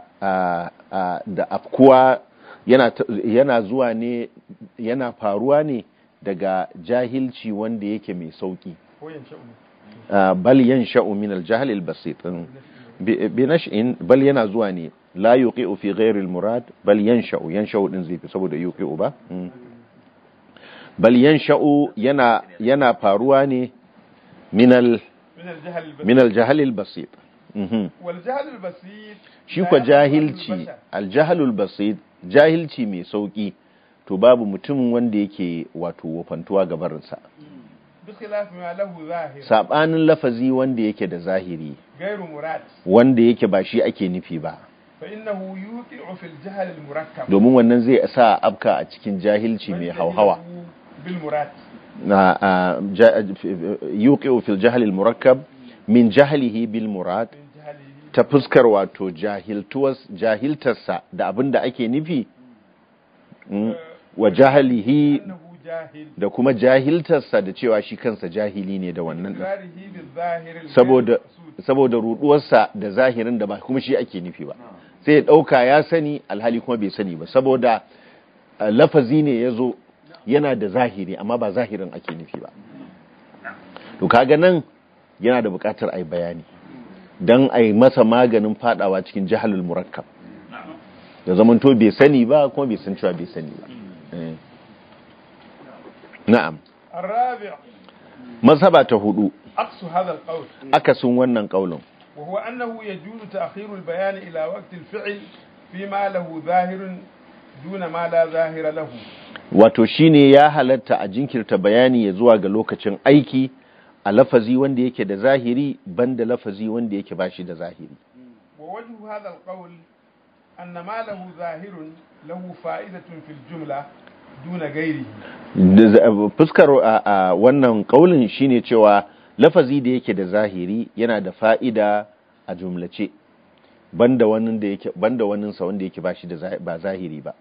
da afkuwa yana zuwa ne yana faruwa ne daga jahilci wanda yake mai sauki bal yansha'u min al-jahl al bal yana zuwa ne la yuqi'u fi ghairi murad bal yansha'u yansha'u din zai fi saboda yuqi'u ba hmm. bal yansha'u yana yana faruwa ne minal minal jahl al-basit hmm. wal jahl basit shi ko jahilci al-jahl basit jahilci mai sauki to babu mutumin wanda yake wato wofantuwa ga barinsa hmm. saɓanin lafazi wanda yake da zahiri wanda yake ba shi ake nufi ba domin wannan zai sa abka a cikin jahilci mai hauhawa na yuqi'u fil jahl al murakkab min jahlihi bil murad ta fuskar wato jahiltarsa da abin da ake nufi mm, wa jahalihi da kuma jahiltarsa da cewa shi kansa jahili ne da wannan saboda ruduwarsa da zahirin da ba kuma shi ake nufi ba sai ya ɗauka ya sani alhali kuma bai sani ba saboda eh, lafazi ne ya zo yana da zahiri amma ba zahirin ake nufi ba to kaga nan yana da buƙatar ai bayani don ai masa maganin fadawa cikin jahalul murakkab da zamanto bai sani ba kuma bai san cewa bai sani ba eh. na'am mazhaba ta hudu akasin wannan kaulin وهو أنه يجوز تأخير البيان إلى وقت الفعل فيما له ظاهر دون ما لا ظاهر له wato shine ya halatta a jinkirta bayani ya zuwa ga lokacin aiki a lafazi wanda yake da zahiri banda lafazi wanda yake bashi da zahiri wa wajhu hadha alqawl anna ma lahu zahirun lahu fa'idatun fil jumla duna ghairihi fuskar wannan kaulin shine cewa lafazi da yake da zahiri yana da fa'ida a jumlace banda wani da yake banda wanda yake bashi da ba zahiri ba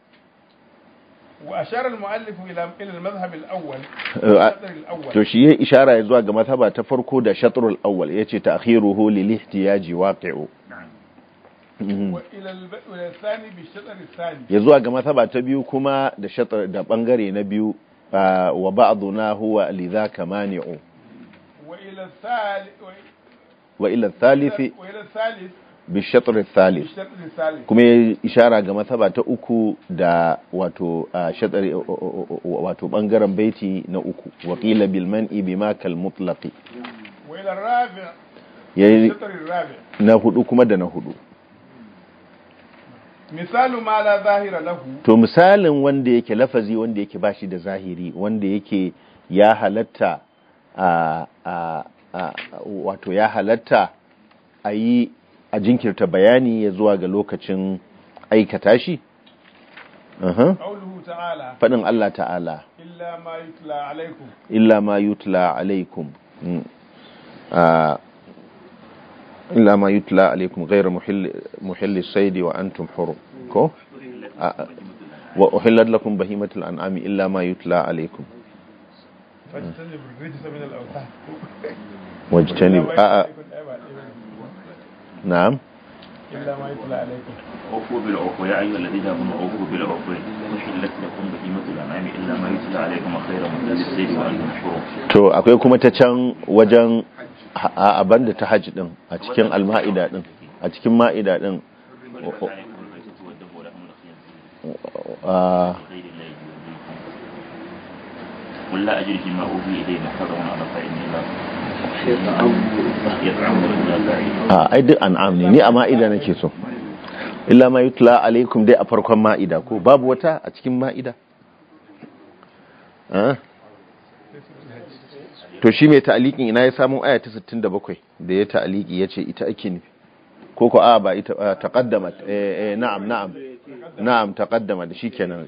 wa ashara al-mu'allif ila ila al-madhhab uh, al-awwal to shi ya ishara mm-hmm. ya zuwa ga mataba ta farko da shatr al-awwal yace ta'khiruhu lil ihtiyaji waqi'u ya zuwa ga mazhaba ta biyu kuma da shatr da bangare na biyu uh, wa ba'duna huwa lidha kamani'u وإلى الثالث kuma ya ishara ga masaba ta uku da wato bangaren baiti na uku wakila bilman ibima kal mutlaqi na hudu kuma da na hudu to misalin wanda yake lafazi wanda yake bashi da zahiri wanda yake ya halatta wato ya halatta a yi a jinkirta bayani ya zuwa ga lokacin aikata shi faɗin Allah ta'ala illa ma yutla alaikum illa ma yutla alaikum mm. ghairu muhilli saidi wa antum hurum ko wa uhillat lakum bahimatul an'ami illa ma yutla alaikum wajitani a na to akwai kuma ta can wajen abin da ta hajji din a cikin alma'ida din a cikin ma'ida din قل لا أجد فيما أوحي إلي محرم على طائم a ai duk an'am ne ni a ma'ida nake so illa ma yutla alaikum dai a farkon ma'ida ko babu wata a cikin ma'ida to shi mai ta'alikin ina ya samu aya ta 67 da ya ta'aliki ya ce ita ake ne? ko ko a ba ita taqaddamat na'am na'am na'am taqaddama da shikenan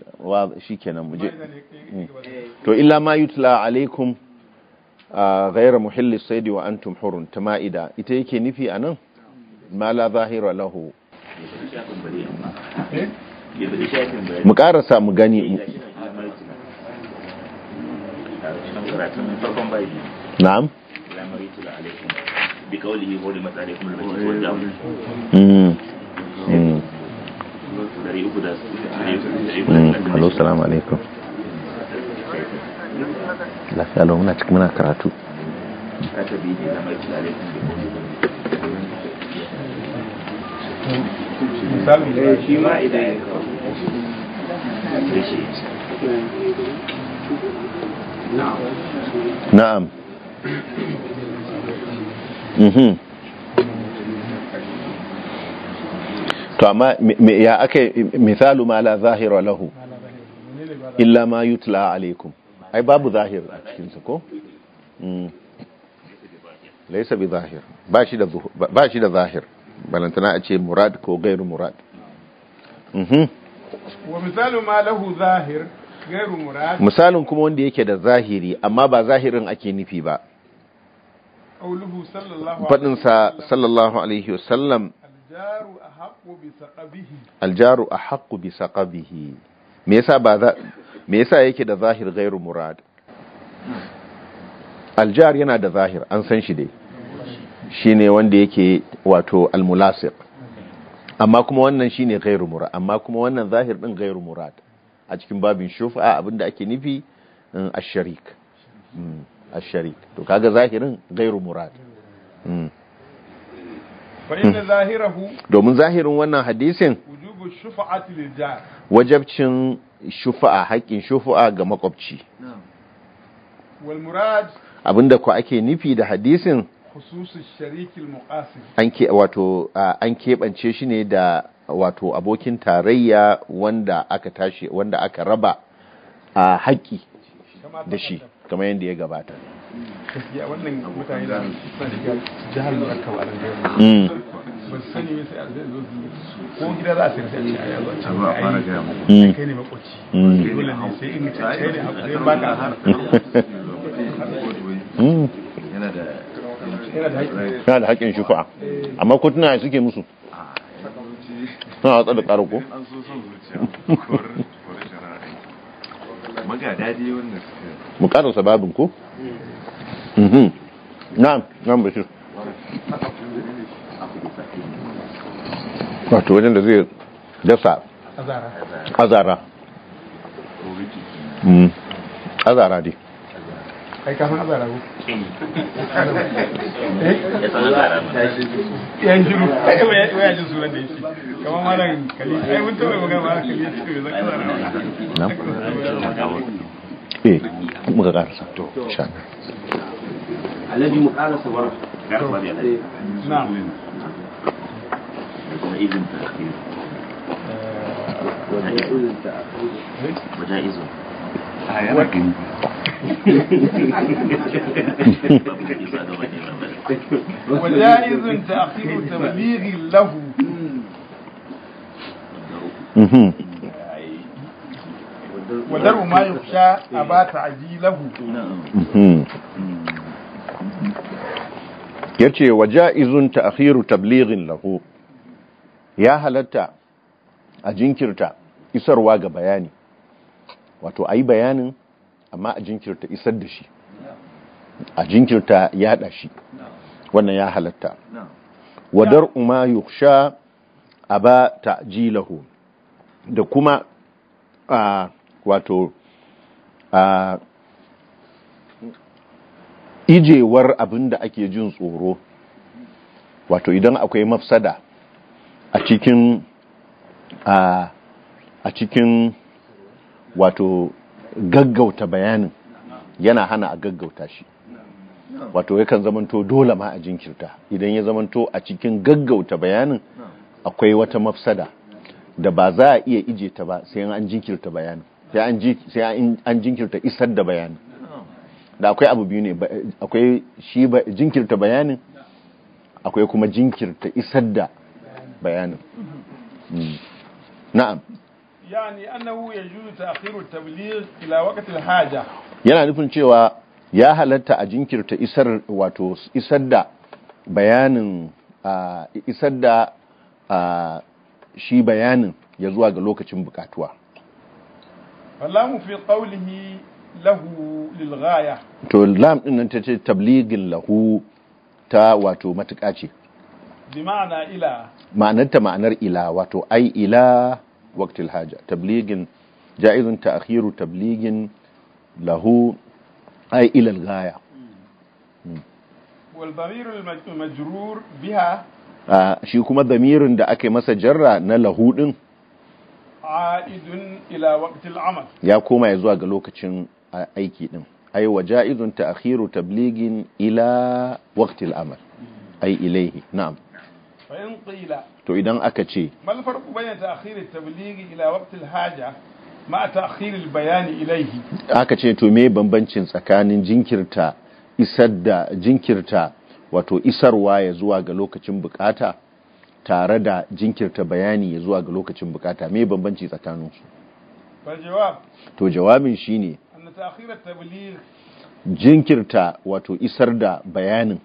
shikenan muje hmm. eh. to illa ma yutla alaikum ghayra muhilli saidi wa antum hurun tama'ida ita yake nufi anan ma la zahira lahu eh? mu karasa mu gani na'am lamari tula alaikum bi qawlihi hurimat alaikum al-mayyit Mm, hello, salamu alaikum. Lafiya lau muna cikin muna karatu. Na'am. Mhm. to amma ya aka misalu ma la zahira lahu illa ma yutla alaikum ai babu zahir a cikin su ko mm. laysa bi zahir ba shi da ba shi da zahir balantana a ce murad ko gairu murad mhm wa misalu ma lahu zahir gairu murad misalun kuma wanda yake da zahiri amma ba zahirin ake nufi ba qauluhu sallallahu alaihi wasallam aljaru a bi saqabihi aljaru bi saqabihi me yasa ba za me yasa yake da zahir ghairu murad aljar yana da zahir an san shi dai shine wanda yake wato almulasiq amma kuma wannan shi ne ghairu murad amma kuma wannan zahir ɗin ghairu murad a cikin babin shufa abinda ake nufi mm, ash-sharik mm, ash-sharik to kaga zahirin ghairu murad mm. Hmm. domin zahirin wannan hadisin wajabcin shufa'a haƙƙin shufa'a ga makwabci abinda ku ake nufi da hadisin an ke keɓance shi ne da wato abokin tarayya wanda aka tashi wanda aka raba a haƙƙi da shi kamar yadda ya gabata gaskiya wannan mutane da suna jihar da aka ba ba su sani a zai zo ko a sai a hmm. kai ne makwaci hmm. ne hmm. yana da yana da haƙƙin shufa'a eh. amma ko suke musu ah, eh. suna watsa da ko mu ƙarasa sababin ko Mhm. na'am na'am bashir wato wajen da zai dasa azara azara mhm. dai kai kafin azara ko kamar malam mun magana malam ko azara na eh muka karasa to insha Allah الذي مكان صورته إيه. نعم إيه. آه، وجائز تأخير وجائز آه، وجائز تأخير تبليغ له ودرء ما يخشى أبا تعجيله نعم. ya ce wa ja'izun ta akhiru tablighin lahu ya halatta a jinkirta isarwa ga bayani wato a yi bayanin amma a jinkirta isar da shi a jinkirta yaɗa shi wannan ya halatta wadar umar yuksha a ba lahu da kuma a wato a. ijewar abin da ake jin tsoro wato idan akwai mafsada a cikin a cikin wato gaggauta bayanin yana hana a gaggauta shi wato yakan zamanto dole ma a jinkirta idan ya zamanto a cikin gaggauta bayanin akwai wata mafsada da ba za a iya ije ta ba sai an jinkirta bayanin sai an jinkirta isar da bayanin da akwai abu biyu ne akwai shi jinkirta bayanin akwai kuma jinkirta isar da bayanin mm. na'am yani annahu yajuzu ta'khiru at-tabligh ila waqti al-haja yana nufin cewa ya halatta a jinkirta isar wato isar da bayanin isar da shi bayanin ya zuwa ga lokacin bukatuwa falamu fi qawlihi lahu lil ghaya to lam din nan tace tabligin lahu ta wato matuƙa ce bi ma'ana ila ma'anar ta ma'anar ila wato ai ila waqtil haja tabligin ja'izun ta'khiru tabligin lahu ai ila al ghaya hmm. wal damir al majrur biha shi kuma damirin da aka yi masa jarra na lahu din idun ila waqtil amal ya koma ya zuwa ga lokacin aiki din ai wa ja'izun ta'khiru tablighin ila waqtil amal ai ilaihi na'am to idan aka ce mal farqu bayna ta'khir at ila waqtil haja ma ta'khir al-bayan ilayhi aka ce to me bambancin tsakanin jinkirta isar da jinkirta wato isarwa ya zuwa ga lokacin bukata tare da jinkirta bayani ya zuwa ga lokacin bukata me bambanci tsakanin su to jawabin shine jinkirta wato isar da bayanin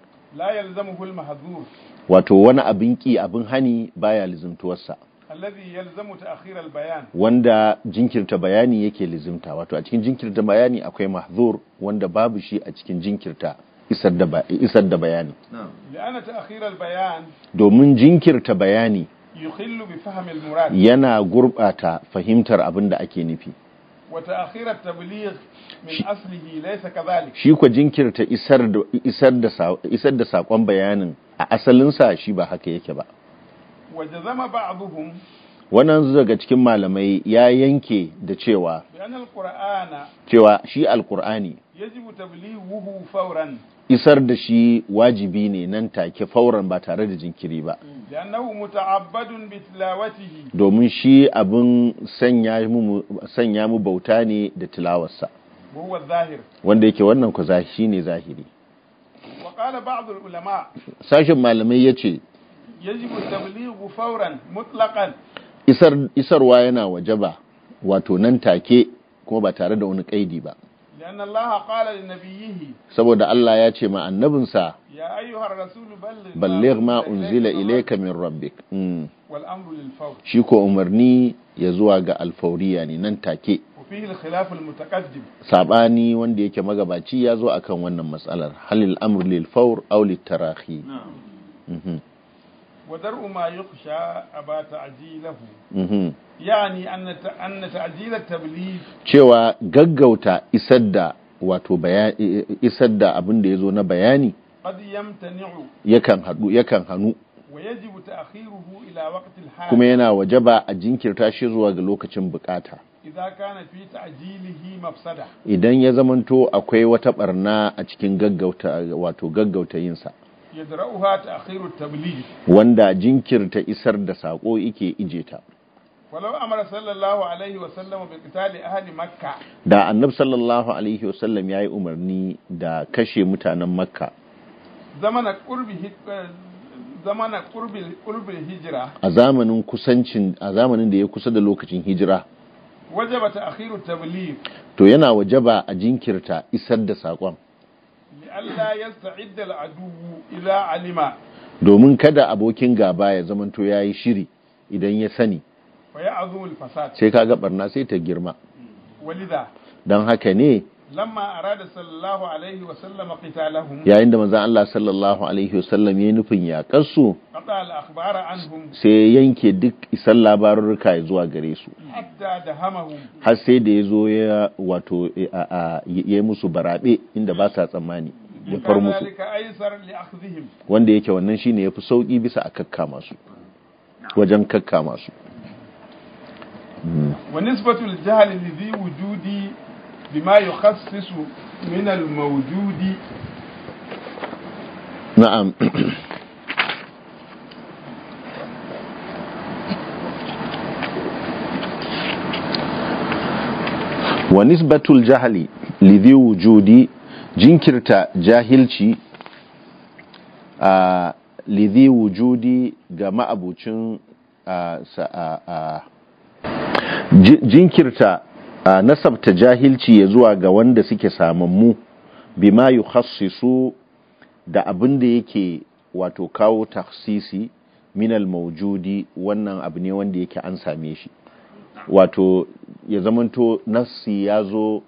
wato wani abinki abin hani ba ya lizimtuwarsa. wanda jinkirta bayani yake lizimta, wato a cikin jinkirta bayani akwai mahdhur wanda babu shi a cikin jinkirta isar da bayani domin jinkirta bayani yana gurbata fahimtar abin da ake nufi وتأخير kwa jinkirta isar da saƙon bayanin a asalinsa sa shi ba haka yake ba wajazama wannan daga cikin malamai ya yanke da cewa cewa shi alqur'ani yajibu tablighuhu isar da shi wajibi ne nan take fauran ba tare da jinkiri ba mm. domin shi abin sanya mu bauta ne da tilawarsa wanda yake wannan ku shi ne zahiri sashen malamai ya ce isarwa yana waje ba, wato nan take kuma ba tare da wani kaidi ba saboda Allah ya ce ma annabinsa ballig ma unzila ile ka min rabbi mm. shi ko umarni ya zuwa ga alfauriya ne nan take Saɓani wanda yake magabaci ya zo akan wannan matsalar halil amur lil faur aulittarahi wadar umayi kusha a ba ta'ajilahu mhm. yani an ta'ajilar tablif cewa gaggauta isar da wato isar da abin da ya zo na bayani yakan hannu. hanu kuma yana ba a jinkirta shi zuwa ga lokacin bukata idan ya zamanto akwai wata barna a cikin gaggauta wato gaggauta yinsa wanda jinkirta isar da sako yake ije ta walau amara sallallahu alaihi wa sallam bi qitali ahli makka da annab sallallahu alaihi wa sallam yayi umarni da kashe mutanen makka zamana qurbi zamana qurbi qurbi a zamanin kusancin a zamanin da ya kusa da lokacin hijira wajaba akhiru tabligh to yana wajaba a jinkirta isar da sakon Allah yasta'idda al'adu ila alima domin kada abokin gaba ya zamanto yayi shiri idan ya sani fa ya'zul fasad sai kaga barna sai ta girma walida dan haka ne lamma arada yayin da manzon Allah sallallahu alaihi wa sallam ya nufin yakar su sai yanke duk isan labarurruka ya zuwa gare su har sai da ya zo ya wato ya yi musu barabe inda ba sa tsammani ya far musu wanda yake wannan shine yafi sauki bisa a kakka masu wajen kakka masu hmm. wa nisbatul jahl wujudi بما يخصص من الموجود نعم ونسبة الجهل لذي وجود جنكرت جاهلشي آه لذي وجود جماعة بوشن آه آه nasabta jahilci ya zuwa ga wanda suke samammu bima hassisu da abin da yake wato kawo taksisi minal maujudi wannan abu ne wanda yake an same shi wato ya zamanto nassi ya zo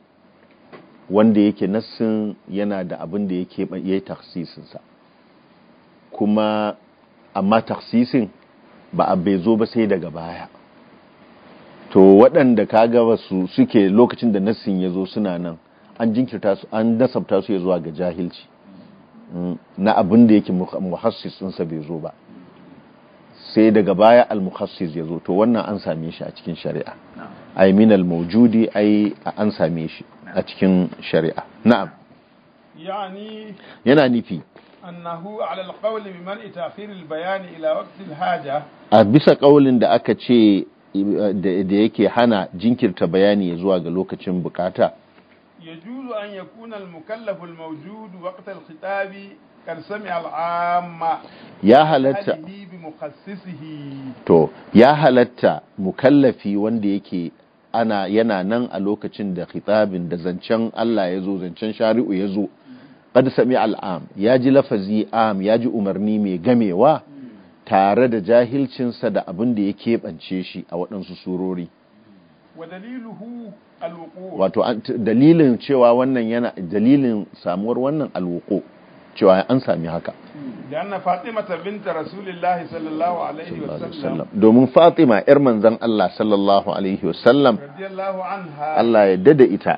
wanda yake nassin yana da abin da yake ya yi taksisinsa kuma amma taksisin ba a bai zo ba sai daga baya to waɗanda ka gaba su suke lokacin da nassin ya zo suna nan an jinkirta su an nasabta su ya zuwa ga jahilci mm, na abin da yake muhassis ɗinsa bai zo ba sai daga baya al-muhassis ya zo to wannan an same shi a cikin shari'a ai min al-mawjudi ai an same shi a cikin shari'a na'am yana nufi annahu ala al bi man ta'khir al-bayan ila waqt al-haja a bisa kaulin da aka ce da yake hana jinkirta bayani zuwa ga lokacin bukata ya أن يكون المكلف الموجود وقت الخطاب khitabi kan sami al'amma ya halatta to ya halatta mukallafi wanda yake ana yana nan a lokacin da khitabin da zancen Allah ya zo zancen shari'u ya zo qad sami al'am ya ji lafazi am ya ji umarni mai gamewa tare da jahilcinsa da abin da ya keɓance shi a waɗansu surori wato dalilin cewa wannan yana dalilin samuwar wannan alwuko cewa an sami haka domin fatima yar manzan Allah sallallahu alaihi wasallam Allah ya dada ita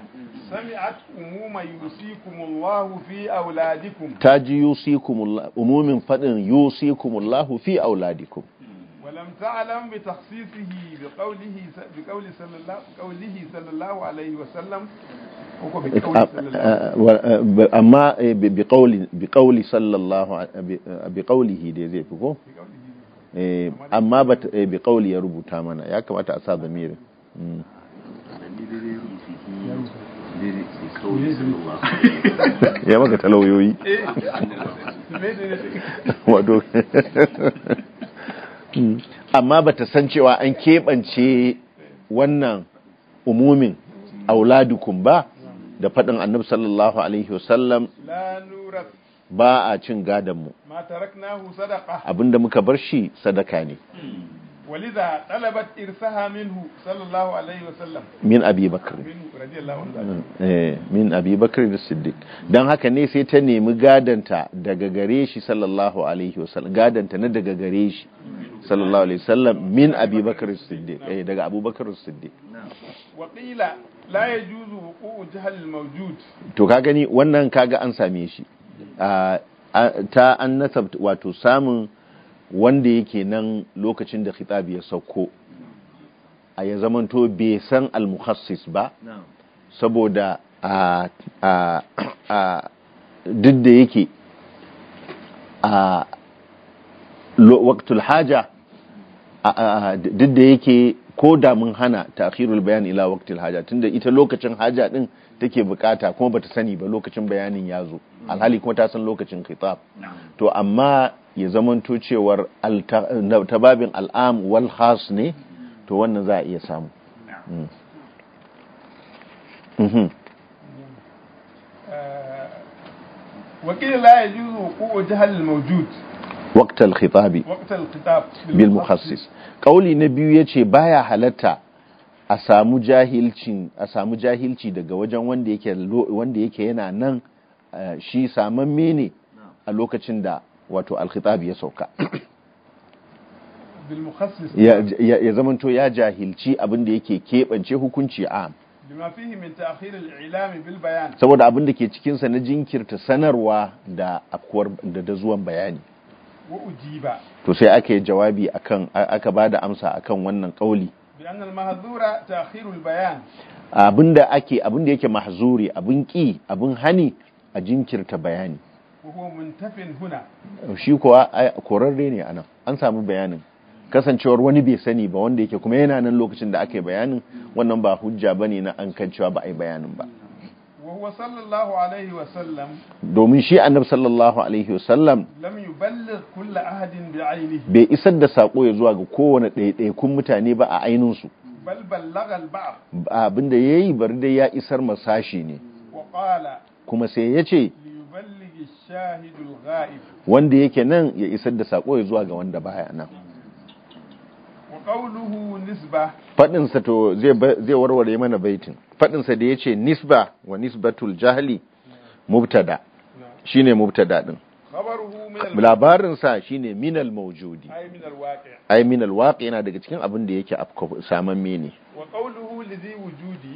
سمعت أموم يوصيكم الله في أولادكم تاجي يوصيكم الله أموم فدن يوصيكم الله في أولادكم ولم تعلم بتخصيصه بقوله بقول صلى الله بقوله صلى الله عليه وسلم أما بقول بقول صلى الله بقوله دي زي فيكو amma ba bi kauli ya rubuta mana ya kamata a sa zamirin ya maka talauyoyi eh. amma bata san cewa an keɓance wannan umumin auladukun ba da faɗin annabi sallallahu alaihi wasallam ba a cin gadonmu abinda muka bar shi sadaka ne hmm. ولذا طلبت إرثها منه صلى الله عليه وسلم من أبي بكر رضي الله عنه من أبي بكر الصديق دان haka ne sai ta nemi gadanta daga gare shi sallallahu alaihi wasallam gadanta na daga gare shi sallallahu alaihi wasallam min Abi Bakr as-Siddiq eh daga Abu Bakr as-Siddiq wa qila la yajuzu wuqu'u jahl al-mawjud to ka gani wannan kaga an same shi ta an nasab wato samun wanda yake nan lokacin da khitabi ya sauko a ya zamanto bai san al-mukhassis ba saboda a duk da yake a waqtul haja duk da yake ko da mun hana ta'khirul bayan ila waqtil haja tunda ita lokacin haja din take bukata kuma bata sani ba lokacin bayanin ya zo alhali kuma ta san lokacin khitab to amma ya zamanto cewar tababin al'am wal khas ne mm-hmm. to wannan za a iya samu mm. mm-hmm. uh, wakil la yajuzu wuqu'u jahl al-mawjud وقت الخطاب وقت الخطاب بالمخصص قولي نبي yace baya halatta a samu jahilci a samu jahilci daga wajen wanda yake wanda yake yana nan shi samamme ne a lokacin da wato alkhitab ya sauka ya zamanto ya jahilci abin yake keɓance hukunci a saboda abin da ke cikinsa na jinkirta sanarwa da afkuwar da zuwan bayani to sai aka yi jawabi akan aka ba da amsa akan wannan kauli abin da ake abinda yake mahzuri abin ki abin hani a jinkirta bayani shi kuwa korarre ne anan an samu bayanin kasancewar wani bai sani ba wanda yake kuma yana nan lokacin da aka yi bayanin wannan ba hujja ba ne na an kan cewa ba a yi bayanin ba domin shi annab sallallahu alaihi wasallam bai isar da sako ya zuwa ga kowane ɗaiɗaikun mutane ba a ainihinsu abinda ya yi bari dai ya isar masashi ne kuma sai ya ce wanda yake nan ya isar da sako ya zuwa ga wanda baya nan faɗinsa to zai warware mana baitin faɗinsa da ya ce nisba wa nisbatul jahali. mubtada shi ne mubtada ɗin. labarinsa shi ne minal maujudi ai minal waƙi yana daga cikin abin da yake saman mene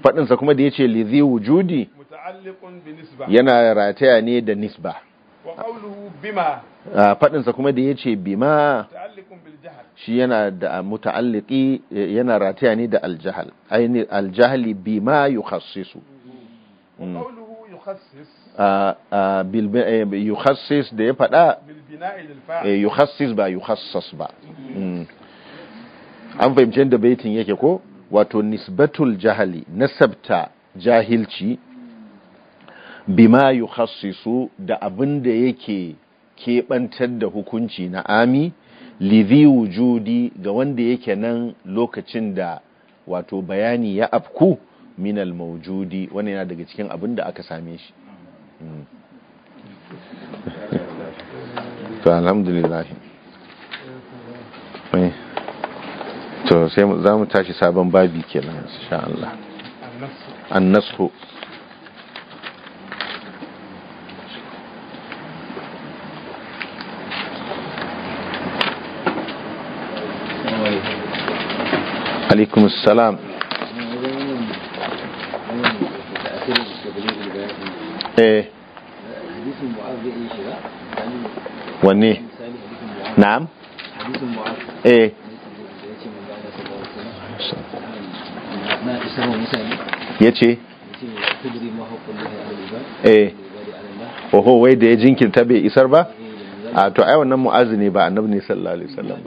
faɗinsa kuma da ya ce lizi wujudi yana rataya ne da nisba sa kuma da ya ce bima shi yana da muta'alliki yana rataya ne da aljahal ainihin aljahali bima yukhassisu mm. eh, yukhassis da ya faɗa eh, yukhassis ba yukhassas ba mm. an fahimci yadda baitin yake ko wato nisbatul jahali nasabta jahilci bima yukhassisu da abin da yake keɓantar da hukunci na ami lizi wujudi ga wanda yake nan lokacin da wato bayani ya afku minal mawjudi wannan yana daga cikin abin da aka same shi hmm. to alhamdulillah eh. to sai za mu tashi sabon babi kenan insha Allah an nasu alaikum wanne na'am ya ce eh oho wai da ya jinkirta bai isar ba a to ai wannan mu'azi ne ba annabi ne sallallahu alaihi wasallam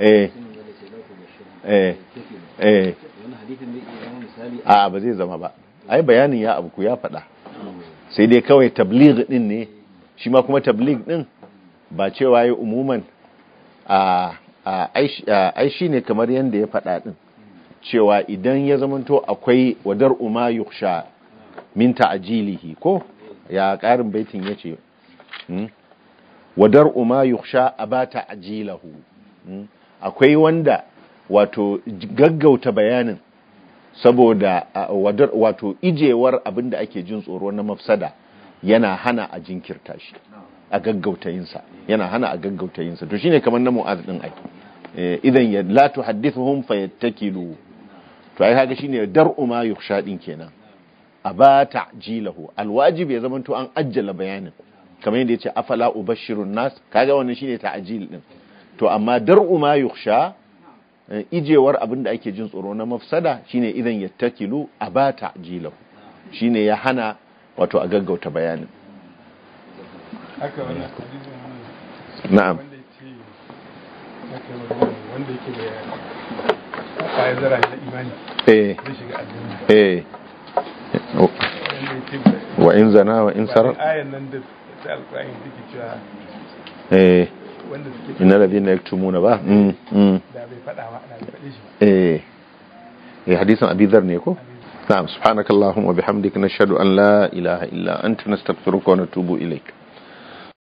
ba Eh, eh. A'a a ba zai zama ba ai bayanin ya abu ku ya faɗa sai dai kawai tabligh din ne shi ma kuma tabligh din ba cewa yi umuman a shi ne kamar yadda ya faɗa din cewa idan ya zamanto akwai wadar uma yuksha min ta'jilihi ko ya ƙarin baitin ce. Hmm? wadar uma yuksha aba ta'jilahu hmm? akwai wanda wato gaggauta bayanin saboda wato ijewar abin da ake jin tsoro na mafsada yana hana a jinkirta shi a gaggauta yinsa yana hana a gaggauta yinsa to shine kamar na mu'az din ai eh, idan ya la tuhaddithuhum fayattakilu to ai kaga shine dar'u ma yukhsha din kenan aba ta'jilahu alwajib ya zamanto an ajjala bayanin kamar yadda yace afala ubashirun nas kaga wannan shine ta'jil din to amma dar'u ma yukhsha Eh, ijewar abin da ake jin tsoro na mafsada shine idan ya takilu a ba ta jilahu shine ya hana wato a gaggauta bayanin na'am wanda yake da kayan zara da imani eh eh wa in zana wa in sarar ayan nan da alƙur'ani duk cewa eh wanda suke inna ladina yaktumuna ba mm mm da bai fada ba da bai fade shi eh eh hadisin abi dhar ne ko na'am subhanakallahumma wa bihamdika nashhadu an la ilaha illa anta nastaghfiruka wa natubu ilaik